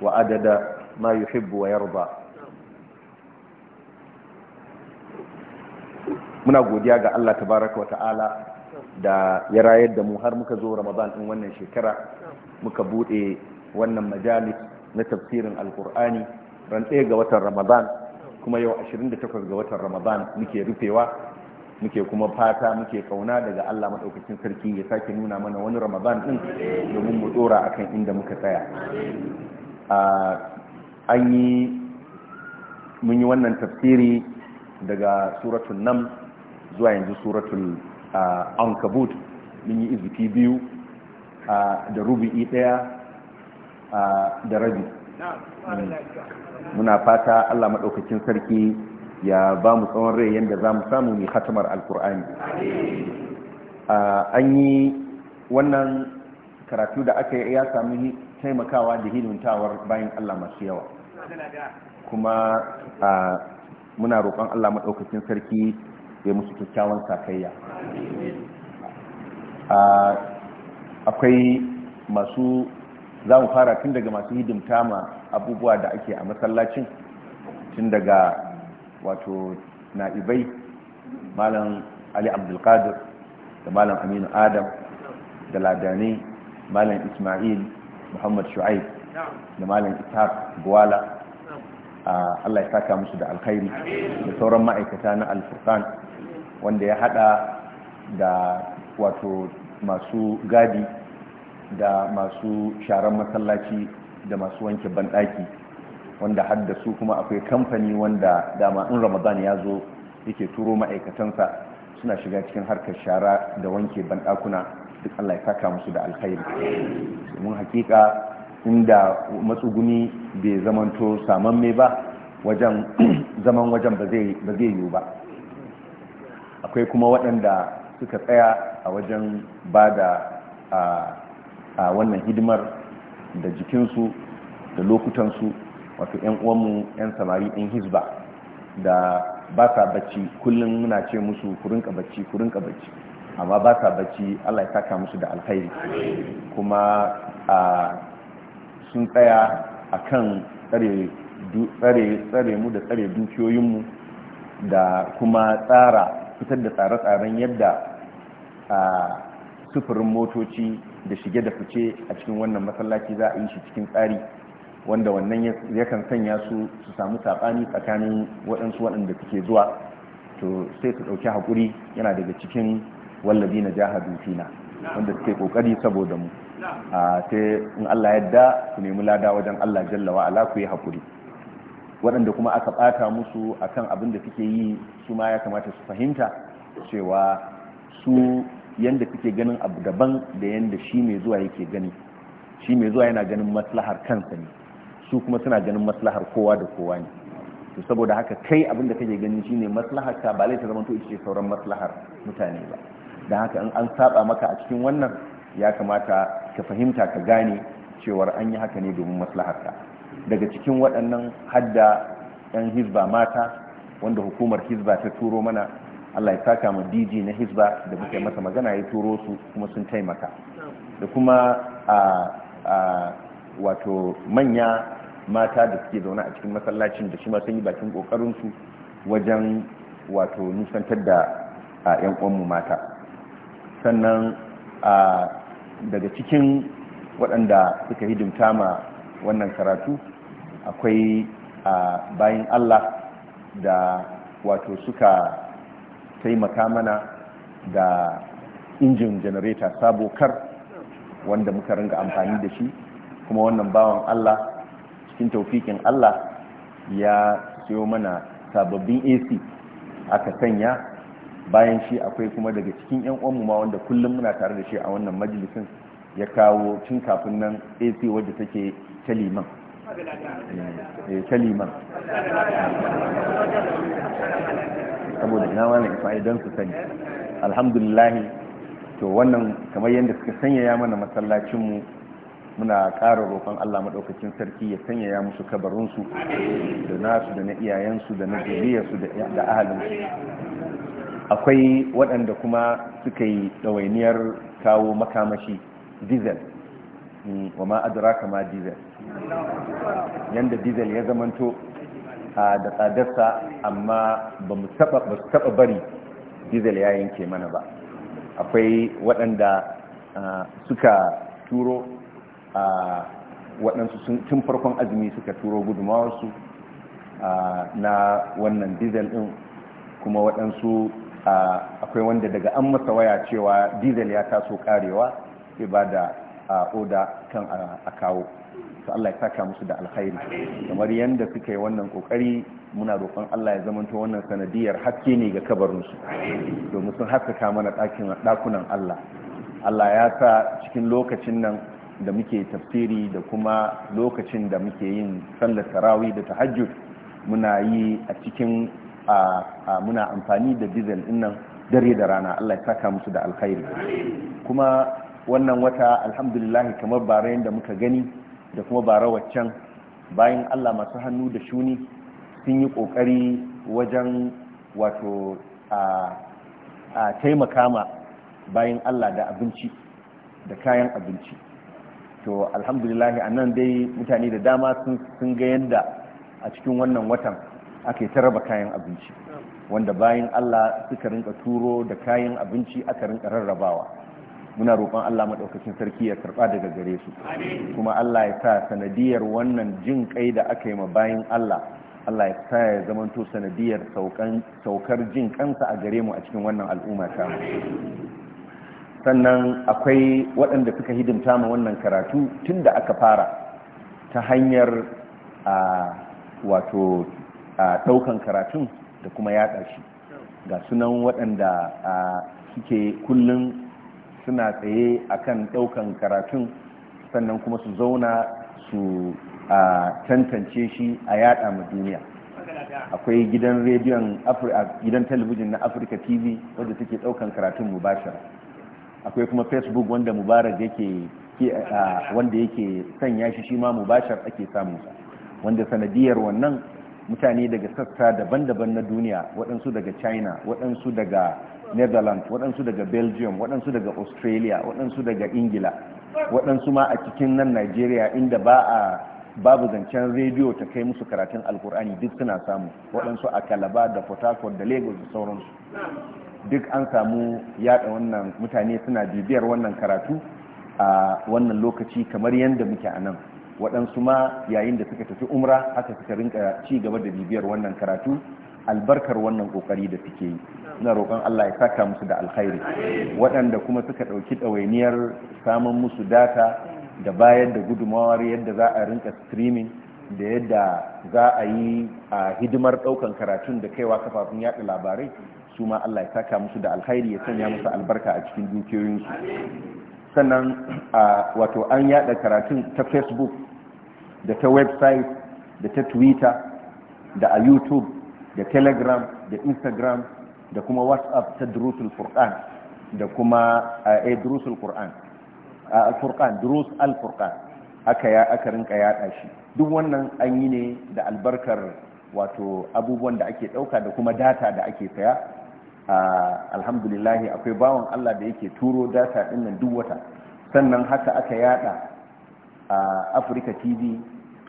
wa adada ma yuhibbu wa yarda muna godiya ga Allah tabaraka wa ta'ala da ya rayar da mu har muka zo Ramadan din wannan shekara muka bude wannan majalis na tafsirin alkur'ani ran ɗaya ga watan ramadan kuma yau 28 ga watan ramadan muke rufewa muke kuma fata muke kauna daga Allah maɗaukacin sarki ya sake nuna mana wani ramadan ɗin domin mu ɗora akan inda muka tsaya an yi mun yi wannan tafsiri daga suratul nam zuwa yanzu suratul ankabut mun yi izuki biyu da rubi'i ɗaya da rabi muna fata Allah maɗaukacin sarki ya ba mu tsawon rai yadda za mu samu mai hatamar alkur'ani an yi wannan karatu da aka yi ya sami taimakawa da hinuntawar bayan Allah masu yawa kuma muna roƙon Allah maɗaukacin sarki ya musu kyakkyawan sakayya akwai masu za mu fara tun daga masu hidimta ma abubuwa da ake a masallacin tun daga wato na'ibai malam ali abdulkadir da malam aminu adam da ladani malam ismail muhammad shu'aib da malam ishaq buwala Allah ya saka musu da alkhairi da sauran ma'aikata na alfurkan wanda ya hada da wato masu gadi da masu sharan masallaci da masu wanke banɗaki wanda hadda su kuma akwai kamfani wanda dama in ramadan ya zo yake turo ma'aikatansa suna shiga cikin harkar shara da wanke banɗakuna duk allah ya saka musu da alkhairi domin hakika inda matsuguni bai zamanto saman samamme ba wajen zaman wajen ba zai yiwu ba akwai kuma waɗanda suka tsaya a wajen ba da a wannan hidimar da jikinsu da lokutansu wato 'yan uwanmu 'yan samari 'yan hisba da ba sa bacci kullum muna ce musu kurinka bacci kurinka bacci amma ba sa bacci allah ya saka musu da alkhairi kuma sun tsaya a kan tsare mu da tsare dukiyoyinmu da kuma tsara fitar da tsare-tsaren yadda a sufurin motoci da shige da fice a cikin wannan masallaci za a yi shi cikin tsari wanda wannan yakan sanya su su samu saɓani tsakanin waɗansu waɗanda suke zuwa to sai su ɗauki haƙuri yana daga cikin wallabi na jihar dufina wanda suke ƙoƙari saboda mu a sai in Allah yadda ku nemi lada wajen Allah jallawa wa ala ku yi haƙuri waɗanda kuma aka ɓata musu akan abin da suke yi su ma ya kamata su fahimta cewa su yanda kuke ganin abu daban da yanda shi mai zuwa yake gani shi mai zuwa yana ganin maslahar kansa ne su kuma suna ganin maslahar kowa da kowa ne to saboda haka kai abin da kake gani shine maslahar ka ba lai ta zama to ita ce sauran maslahar mutane ba dan haka in an saba maka a cikin wannan ya kamata ka fahimta ka gane cewar an yi haka ne domin maslahar ka daga cikin waɗannan hadda yan hizba mata wanda hukumar hizba ta turo mana Allah ya saka mu DJ na hisba da muke masa magana ya turo su kuma sun taimaka da kuma a a wato manya mata da suke zaune a cikin masallacin da shi ma sun yi bakin kokarin su wajen wato nusantar da yan uwanmu mata sannan a daga cikin waɗanda suka hidimta ma wannan karatu akwai bayan Allah da wato suka taimaka mana da injin janareta sabo kar wanda muka ringa amfani da shi kuma wannan bawan Allah cikin taufikin Allah ya siyo mana sababbin AC aka sanya bayan shi akwai kuma daga cikin 'yan uwanmu ma wanda kullum muna tare da shi a wannan majalisin ya kawo tun kafin nan AC wadda take kaliman eh, saboda ina wani isa su sani alhamdulillahi to wannan kamar yadda suka sanyaya mana masallacinmu muna ƙara roƙon Allah maɗaukacin sarki ya sanyaya musu kabarinsu da nasu da na iyayensu da na zuriyarsu da ahalinsu akwai waɗanda kuma suka yi ɗawainiyar kawo makamashi diesel hmm, wa ma adraka ma diesel yadda diesel ya zamanto da tsadarsa amma ba mu taba bari diesel ya yanke mana ba akwai waɗanda suka turo waɗansu tun farkon azumi suka turo gudunmawarsu na wannan diesel ɗin kuma waɗansu akwai wanda daga an masa waya cewa diesel ya taso karewa sai ba da oda kan a kawo su Allah ya saka musu da alkhairi kamar yadda suka yi wannan kokari muna roƙon Allah ya zamanta wannan sanadiyar haske ne ga kabarinsu domin sun haskaka mana ɗakunan Allah Allah ya sa cikin lokacin nan da muke tafsiri da kuma lokacin da muke yin sallar tarawih da tahajjud muna yi a cikin muna amfani da dizel din nan dare da rana Allah ya saka musu da alkhairi kuma wannan wata alhamdulillah kamar bara yadda muka gani da kuma bara waccan bayan Allah masu hannu da shuni sun yi kokari wajen wato a taimaka ma bayan Allah da abinci da kayan abinci to alhamdulillah a nan dai mutane da dama sun ga yadda a cikin wannan watan ake ta raba kayan abinci wanda bayan Allah suka rinka turo da kayan abinci aka rinka rarrabawa muna roƙon Allah maɗaukakin sarki ya karɓa daga gare su kuma Allah ya sa sanadiyar wannan jin kai da aka yi ma bayan Allah Allah ya sa ya zama to sanadiyar saukar jin kansa a gare mu a cikin wannan al'umma ta sannan akwai waɗanda suka hidimta ma wannan karatu tun da aka fara ta hanyar wato ɗaukan karatun da kuma yaɗa shi ga sunan waɗanda suke kullum suna tsaye akan ɗaukan karatun sannan kuma su zauna su tantance shi a yada ma duniya akwai gidan rediyon gidan talabijin na afirka tv wadda take ɗaukan karatun mubashara akwai kuma facebook wanda mubarak yake wanda yake sanya shi shi ma mubashar ake samu wanda sanadiyar wannan mutane daga sassa daban-daban na duniya waɗansu daga china waɗansu daga netherlands waɗansu daga belgium waɗansu daga australia waɗansu daga ingila waɗansu ma a cikin nan nigeria inda ba a babu zancen rediyo ta kai musu karatun alkur'ani duk suna samu waɗansu a kalaba da port harcourt da lagos da sauransu duk an samu yada wannan mutane suna bibiyar wannan karatu a wannan lokaci kamar yadda muke a nan waɗansu ma yayin da suka tafi umra haka suka rinka ci gaba da bibiyar wannan karatu albarkar wannan kokari da suke yi ina roƙon Allah ya saka musu da alkhairi waɗanda kuma suka ɗauki ɗawainiyar samun musu data da bayar da gudumawar yadda za a rinka streaming da yadda za a yi a hidimar ɗaukan karatun da kaiwa kafafun yaɗa labarai su ma Allah ya saka musu da alkhairi ya sanya musu albarka a cikin dukiyoyinsu sannan wato an yaɗa karatun ta facebook da ta website da ta twitter da a youtube da telegram da instagram da kuma whatsapp ta durusul furqan da kuma a eh, durusul qur'an al-furqan durus al aka ya aka rinka yada shi duk wannan an yi ne da albarkar wato abubuwan da ake dauka da kuma data da ake saya alhamdulillah akwai bawan Allah da yake turo data din nan duk wata sannan haka aka yada a Africa TV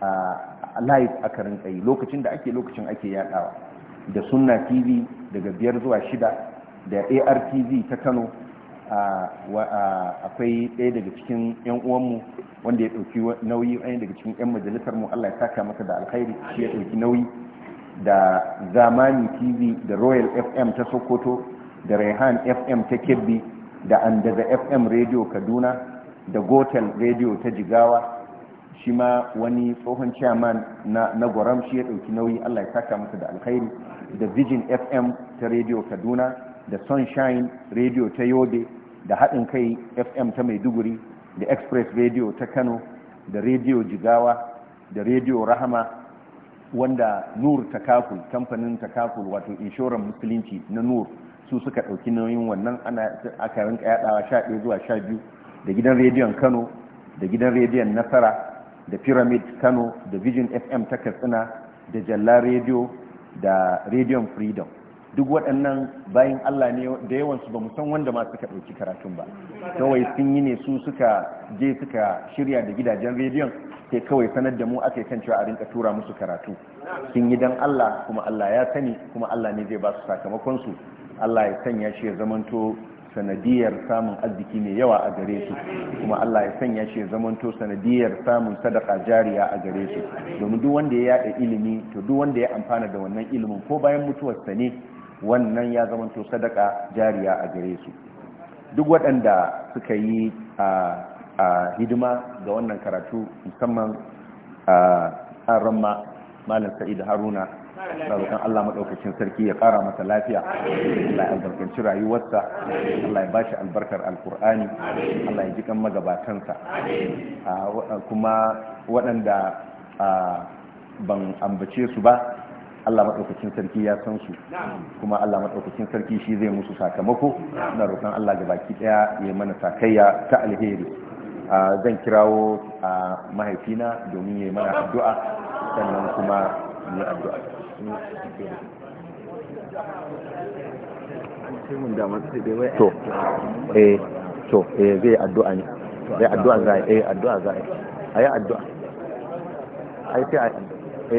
a live aka rinka yi lokacin da ake lokacin ake yadawa da sunna tv daga biyar zuwa shida da artv ta kano akwai ɗaya daga cikin 'yan uwanmu wanda ya ɗauki nauyi ɗaya daga cikin 'yan majalisarmu allah ya saka masa da alkhairi shi ya ɗauki nauyi da zamani tv da royal fm ta sokoto da rehan fm ta kebbi da andaza fm radio kaduna da gotel radio ta jigawa shi ma wani tsohon chairman na, na shi ya ɗauki nauyi allah ya saka masa da alkhairi da vision fm ta radio kaduna da sunshine radio ta yobe da haɗin kai fm ta maiduguri da express radio ta kano da radio jigawa da radio rahama wanda nur takakul kamfanin takakul wato inshoran musulunci na nur su suka ɗauki nauyin wannan ana aka rinka yaɗawa sha ɗaya zuwa sha biyu da gidan rediyon kano da gidan rediyon nasara da pyramid kano da vision fm ta katsina da jalla radio da rediyon freedom duk waɗannan bayan allah ne da yawansu ba san wanda ma suka ɗauki karatun ba kawai sun yi ne su suka je suka shirya da gidajen rediyon sai kawai sanar da mu aka kan cewa a rinka tura musu karatu sun yi don allah kuma allah ya sani kuma allah ne zai ba su sakamakonsu allah ya sanya shi ya zamanto sanadiyar samun arziki mai yawa a gare su kuma Allah ya sanya shi ya zamanto sanadiyar samun sadaka jariya a gare su domin duk wanda ya yada ilimi to duk wanda ya amfana da wannan ilimin ko bayan mutuwar sa ne wannan ya zamanto sadaka jariya a gare su duk waɗanda suka yi a hidima ga wannan karatu musamman a ramma malam sa'id haruna ina roƙon Allah maɗaukacin sarki ya ƙara masa lafiya Allah ya albarkanci rayuwarsa Allah ya bashi albarkar alkur'ani Allah ya ji magabatansa kuma waɗanda ban ambace su ba Allah maɗaukacin sarki ya san su kuma Allah maɗaukacin sarki shi zai musu sakamako na roƙon Allah ga baki ɗaya ya mana sakayya ta alheri zan kirawo mahaifina domin ya mana addu'a sannan kuma yi addu'a to eh to eh zai addu'a ne zai addu'a eh addu'a za a yi addu'a ai sai a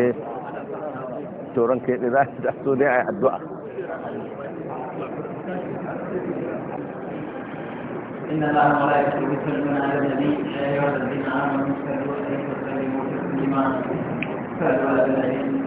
da so dai a yi addu'a إن الله يصلون على النبي يا أيها الذين آمنوا صلوا عليه وسلموا تسليما صلوا على النبي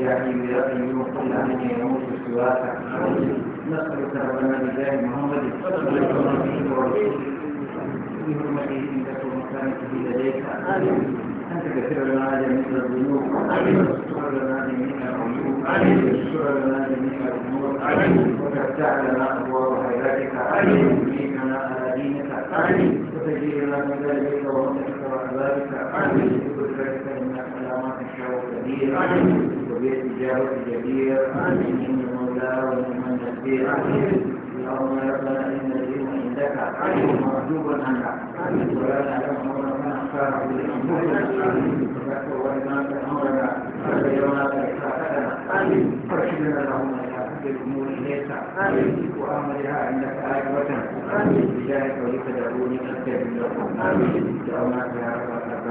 يا حي يا قيوم قل أن يموت سواك نسألك ربنا بجاه محمد صلى الله عليه وسلم بحرمته انك ومكانته لديك انت كثير لنا جميع الذنوب واستر لنا جميع العيوب واستر لنا جميع الامور وتفتح لنا ابواب خيراتك وتعيننا على دينك وتجيرنا من ذلك ومنك وعذابك وبذلك انك على ما تشاء قدير بالتجارة الكبير من المولى ومن النبي اللهم ربنا إن العلم عندك محجوبا عنك ولا نعلم أمرنا أخفاه لأنفسنا وتكفرنا أمرنا فبيرنا بإحساسنا فارشدنا اللهم إلى كل الأمور إليك وأمرها عندك آية وتنفع بجاهك ولك دعوني أستجب لكم اللهم ربنا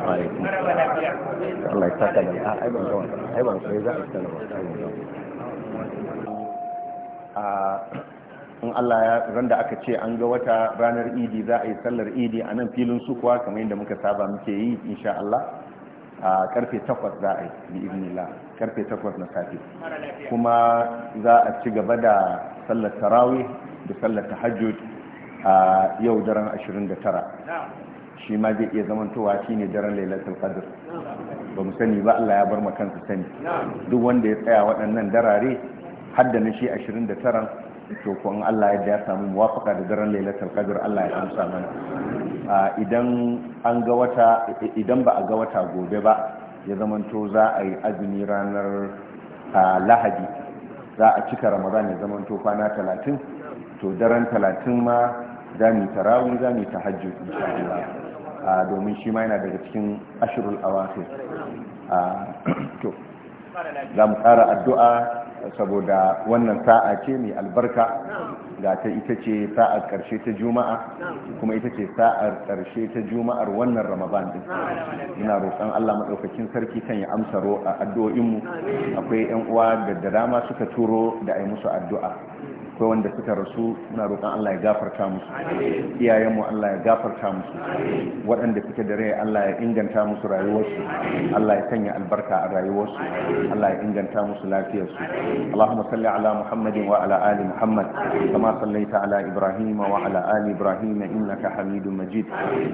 Allah ya a in Allah ya randa aka ce an ga wata ranar idi za sallar idi a nan filin sukuwa kamar yadda muka saba muke yi insha Allah a karfe 8 za a yi bi ibnillah karfe 8 na safe kuma za a ci gaba da sallar tarawih da sallar tahajjud a yau daren 29 shi ma zai iya zamantowa ne daren lailatul qadr ba mu sani ba Allah ya bar mu kansa sani duk wanda ya tsaya waɗannan darare har da na shi 29 to ko in Allah ya da samu muwafaka da daren lailatul qadr Allah ya amsa mana idan an ga wata idan ba a ga wata gobe ba ya zamanto za a yi azumi ranar lahadi za a cika ramadan ya zamanto kwana 30 to daren 30 ma za mu yi tarawih za mu tahajjud insha Allah domin shi ma yana daga cikin ashirul a to za mu tsara addu'a saboda wannan sa'a ce mai albarka ga ta ita ce sa'ar ƙarshe ta juma'a kuma ita ce sa'ar ƙarshe ta juma'ar wannan ramadan din ina roƙon Allah maɗaukakin sarki kan ya amsa addu'o'inmu akwai 'yan uwa da dama suka turo da ai musu addu'a akwai wanda suka rasu muna roƙon Allah ya gafarta musu iyayenmu Allah ya gafarta musu waɗanda suke da rai Allah ya inganta musu rayuwarsu Allah ya sanya albarka a rayuwarsu Allah ya inganta musu lafiyarsu Allahumma salli ala Muhammadin wa ala ali Muhammad kama sallaita ala Ibrahim wa ala ali Ibrahim innaka Hamidum Majid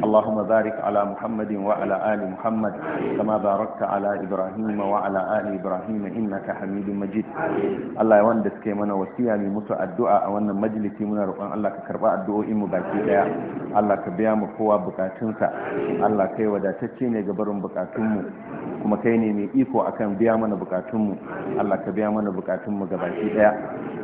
Allahumma barik ala Muhammadin wa ala ali Muhammad kama barakta ala Ibrahim wa ala ali Ibrahim innaka Hamidum Majid Allah ya wanda suke mana wasiya ne musu addu'a addu'a a wannan majalisi muna roƙon Allah ka karɓa addu'o'in mu baki ɗaya Allah ka biya mu kowa bukatunsa Allah kai wadatacce ne ga barin bukatun kuma kai ne mai iko akan biya mana bukatun Allah ka biya mana bukatun ga baki ɗaya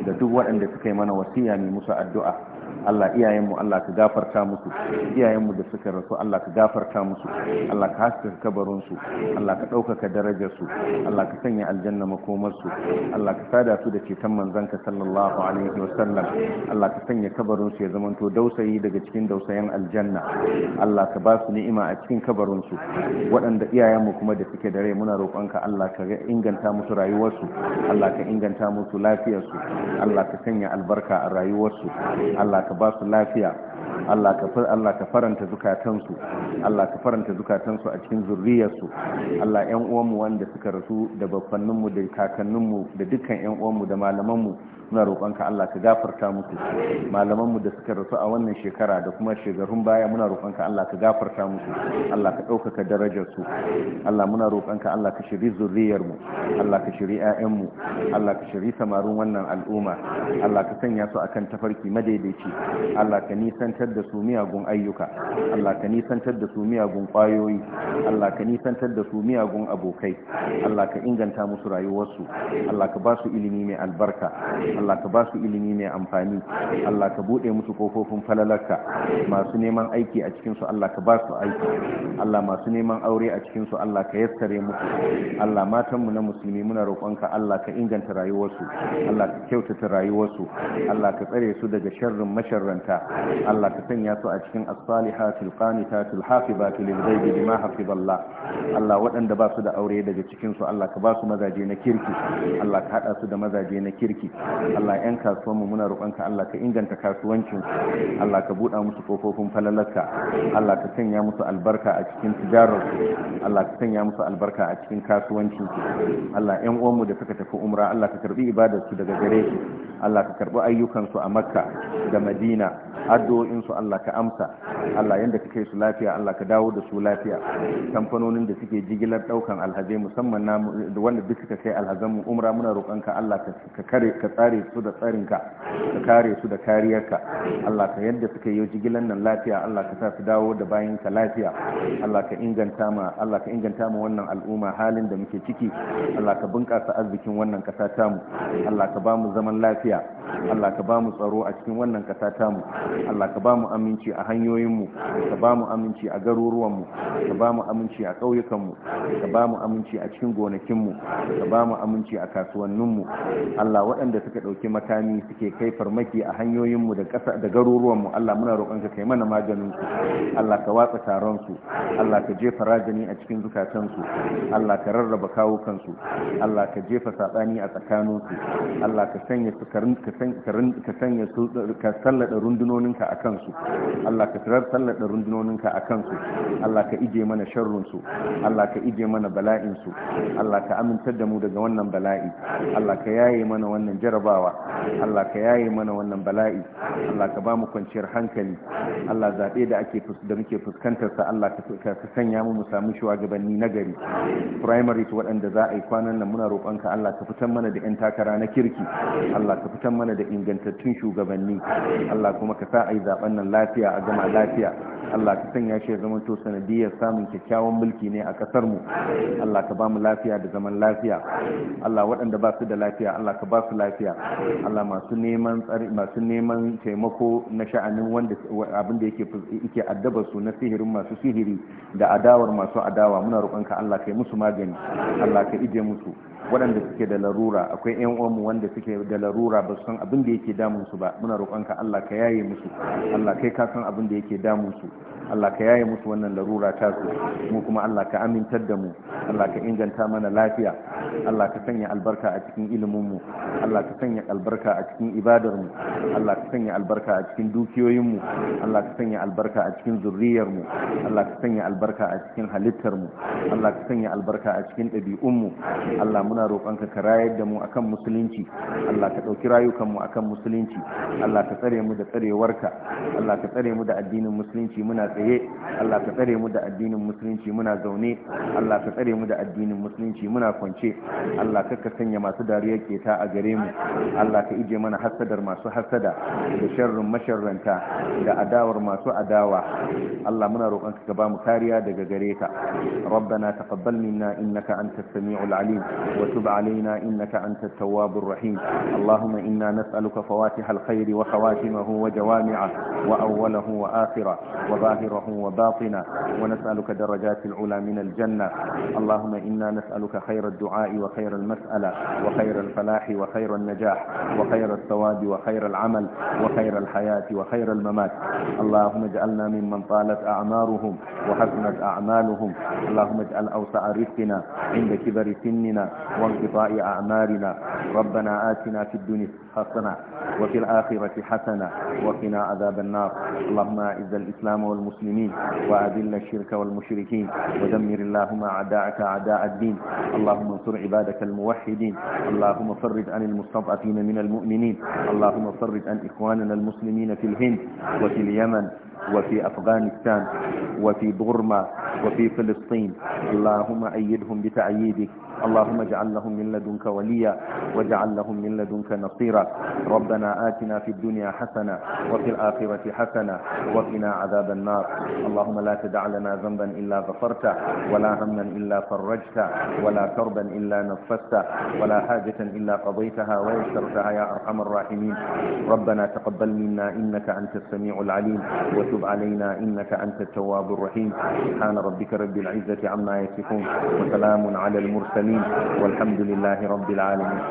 da duk waɗanda suka yi mana wasiya mai musu addu'a Allah iyayenmu Allah ka gafarta musu iyayenmu da suka rasu Allah ka gafarta musu Allah ka haska kabarin su Allah ka ɗaukaka darajar su Allah ka sanya aljanna makomar su Allah ka sada su da ceton manzanka sallallahu alaihi wa sallam Allah ka sanya kabarin su ya zamanto dausayi daga cikin dausayin aljanna Allah ka ba su ni'ima a cikin kabarin su waɗanda iyayenmu kuma da suke da rai muna roƙonka Allah ka inganta musu rayuwarsu Allah ka inganta musu lafiyarsu Allah ka sanya albarka a rayuwarsu Allah ka ka ba su lafiya Allah ka faranta zukatansu Allah ka faranta zukatansu a cikin zurriyarsu Allah ƴan uwanmu wanda suka rasu da babbanninmu da kakanninmu da dukkan ƴan uwanmu da malamanmu muna roƙonka Allah ka gafarta musu malaman mu da suka rasu a wannan shekara da kuma shekarun baya muna roƙonka Allah ka gafarta musu Allah ka ɗaukaka darajar su Allah muna roƙonka Allah ka shiri zuriyar mu Allah ka shiri ƴaƴan mu Allah ka shiri samarin wannan al'umma Allah ka sanya su akan tafarki madaidaici Allah ka nisantar da su miyagun ayyuka Allah ka nisantar da su miyagun ƙwayoyi Allah ka nisantar da su miyagun abokai Allah ka inganta musu rayuwarsu Allah ka ba su ilimi mai albarka Allah ka ba su ilimi mai amfani Allah ka buɗe musu kofofin falalarka masu neman aiki a cikin su Allah ka ba su aiki Allah masu neman aure a cikin su Allah ka yassare musu Allah matan mu na musulmi muna roƙonka Allah ka inganta rayuwarsu Allah ka kyautata rayuwarsu Allah ka tsare su daga sharrin masharranta Allah ka sanya su a cikin as-salihatil qanitatil hafizatil ghaibi bima hafizallah Allah waɗanda ba su da aure daga cikin su Allah ka ba su mazaje na kirki Allah ka hada su da mazaje na kirki Allah yan kasuwanmu mu muna roƙonka Allah ka inganta kasuwancin Allah ka buɗa musu ƙofofin falalarka Allah ka sanya musu albarka a cikin tijarar Allah ka sanya musu albarka a cikin kasuwancin Allah yan uwan da suka tafi umra Allah ka karɓi ibadar su daga gare su Allah ka karɓi ayyukansu a Makka da Madina Addu'o'insu Allah ka amsa Allah yanda kake su lafiya Allah ka dawo da su lafiya kamfanonin da suke jigilar daukan alhazai musamman na wanda duk suka kai alhazan umra muna roƙonka Allah ka kare ka tsare kare su da tsarinka ka kare su da kariyarka Allah ka yadda suka yi jigilan nan lafiya Allah ka sa su dawo da bayanka lafiya Allah ka inganta ma Allah ka inganta ma wannan al'umma halin da muke ciki Allah ka bunƙasa arzikin wannan ƙasa tamu Allah ka ba mu zaman lafiya Allah ka ba mu tsaro a cikin wannan ƙasa tamu Allah ka ba mu aminci a hanyoyinmu ka ba mu aminci a garuruwanmu ka ba mu aminci a mu ka ba mu aminci a cikin gonakinmu ka ba mu aminci a kasuwanninmu Allah waɗanda suka ɗauki makami suke kai farmaki a hanyoyinmu da ƙasa da garuruwanmu Allah muna roƙonka kai mana maganin su Allah ka watsa taron su Allah ka jefa rajani a cikin zukatan su Allah ka rarraba kawukan Allah ka jefa saɓani a tsakanin su Allah ka sanya su ka sanya su ka sallada rundunoninka a kansu Allah ka tarar sallada rundunoninka a kansu Allah ka ije mana sharrun su Allah ka ije mana bala'in su Allah ka amintar da mu daga wannan bala'i Allah ka yaye mana wannan jaraba jarabawa Allah ka yaye mana wannan bala'i Allah ka ba mu kwanciyar hankali Allah zaɓe da ake da muke fuskantar sa Allah ka sanya mu mu samu shugabanni na gari primary to waɗanda za a yi kwanan nan muna roƙon ka Allah ka fitar mana da yan takara na kirki Allah ka fitar mana da ingantattun shugabanni Allah kuma ka sa a yi zaben nan lafiya a gama lafiya Allah ka sanya shi ya zama to sanadiyar samun kyakkyawan mulki ne a kasar mu Allah ka ba mu lafiya da zaman lafiya Allah waɗanda ba su da lafiya Allah ka ba su lafiya Allah masu neman tsari masu neman taimako na sha'anin wanda abin da yake yake addaba su na sihirin masu sihiri da adawar masu adawa muna roƙonka Allah kai musu magani Allah ka ije musu waɗanda suke da larura akwai yan uwanmu wanda suke da larura ba su san abin da yake damun su ba muna roƙonka Allah ka yaye musu Allah kai ka san abin da yake damun su Allah ka yaye musu wannan larura ta su mu kuma Allah ka amintar da mu Allah ka inganta mana lafiya Allah ka sanya albarka a cikin ilimin mu Allah ka sanya sanya albarka a cikin ibadarmu Allah ka sanya albarka a cikin dukiyoyinmu Allah ka sanya albarka a cikin zurriyarmu Allah ka sanya albarka a cikin halittarmu Allah ka sanya albarka a cikin ɗabi'unmu Allah muna roƙonka ka rayar da mu akan musulunci Allah ka ɗauki rayukanmu akan musulunci Allah ka tsare mu da tsarewarka Allah ka tsare mu da addinin musulunci muna tsaye Allah ka tsare mu da addinin musulunci muna zaune Allah ka tsare mu da addinin musulunci muna kwance Allah ka sanya masu dariya keta a gare mu Allah ka ije mana hasadar masu hasada شر ما شر da adawar اداور ما Allah muna الله ka ba mu kariya daga gare ka ربنا تقبل منا انك انت السميع العليم وتب علينا انك انت التواب الرحيم اللهم انا نسالك فواتح الخير وخواتمه وجوامعه واوله واخره وظاهره وباطنه ونسالك درجات العلا من الجنه اللهم انا نسالك خير الدعاء وخير المساله وخير الفلاح وخير النجاح النجاح وخير الثواب وخير العمل وخير الحياة وخير الممات اللهم اجعلنا ممن طالت أعمارهم وحسنت أعمالهم اللهم اجعل أوسع رزقنا عند كبر سننا وانقطاع أعمالنا ربنا آتنا في الدنيا حسنة وفي الآخرة حسنة وقنا عذاب النار اللهم أعز الإسلام والمسلمين وأذل الشرك والمشركين ودمر اللهم أعداءك أعداء الدين اللهم انصر عبادك الموحدين اللهم فرج عن المستضعفين المستضعفين من المؤمنين اللهم صرف عن إخواننا المسلمين في الهند وفي اليمن وفي أفغانستان وفي بورما وفي فلسطين اللهم أيدهم بتأييدك اللهم اجعل لهم من لدنك وليا واجعل لهم من لدنك نصيرا ربنا آتنا في الدنيا حسنة وفي الآخرة حسنة وقنا عذاب النار اللهم لا تدع لنا ذنبا إلا غفرته ولا هما إلا فرجته ولا كربا إلا نفسته ولا حاجة إلا قضيتها ويسرتها يا أرحم الراحمين ربنا تقبل منا إنك أنت السميع العليم وتب علينا إنك أنت التواب الرحيم سبحان ربك رب العزة عما يصفون وسلام على المرسلين والحمد لله رب العالمين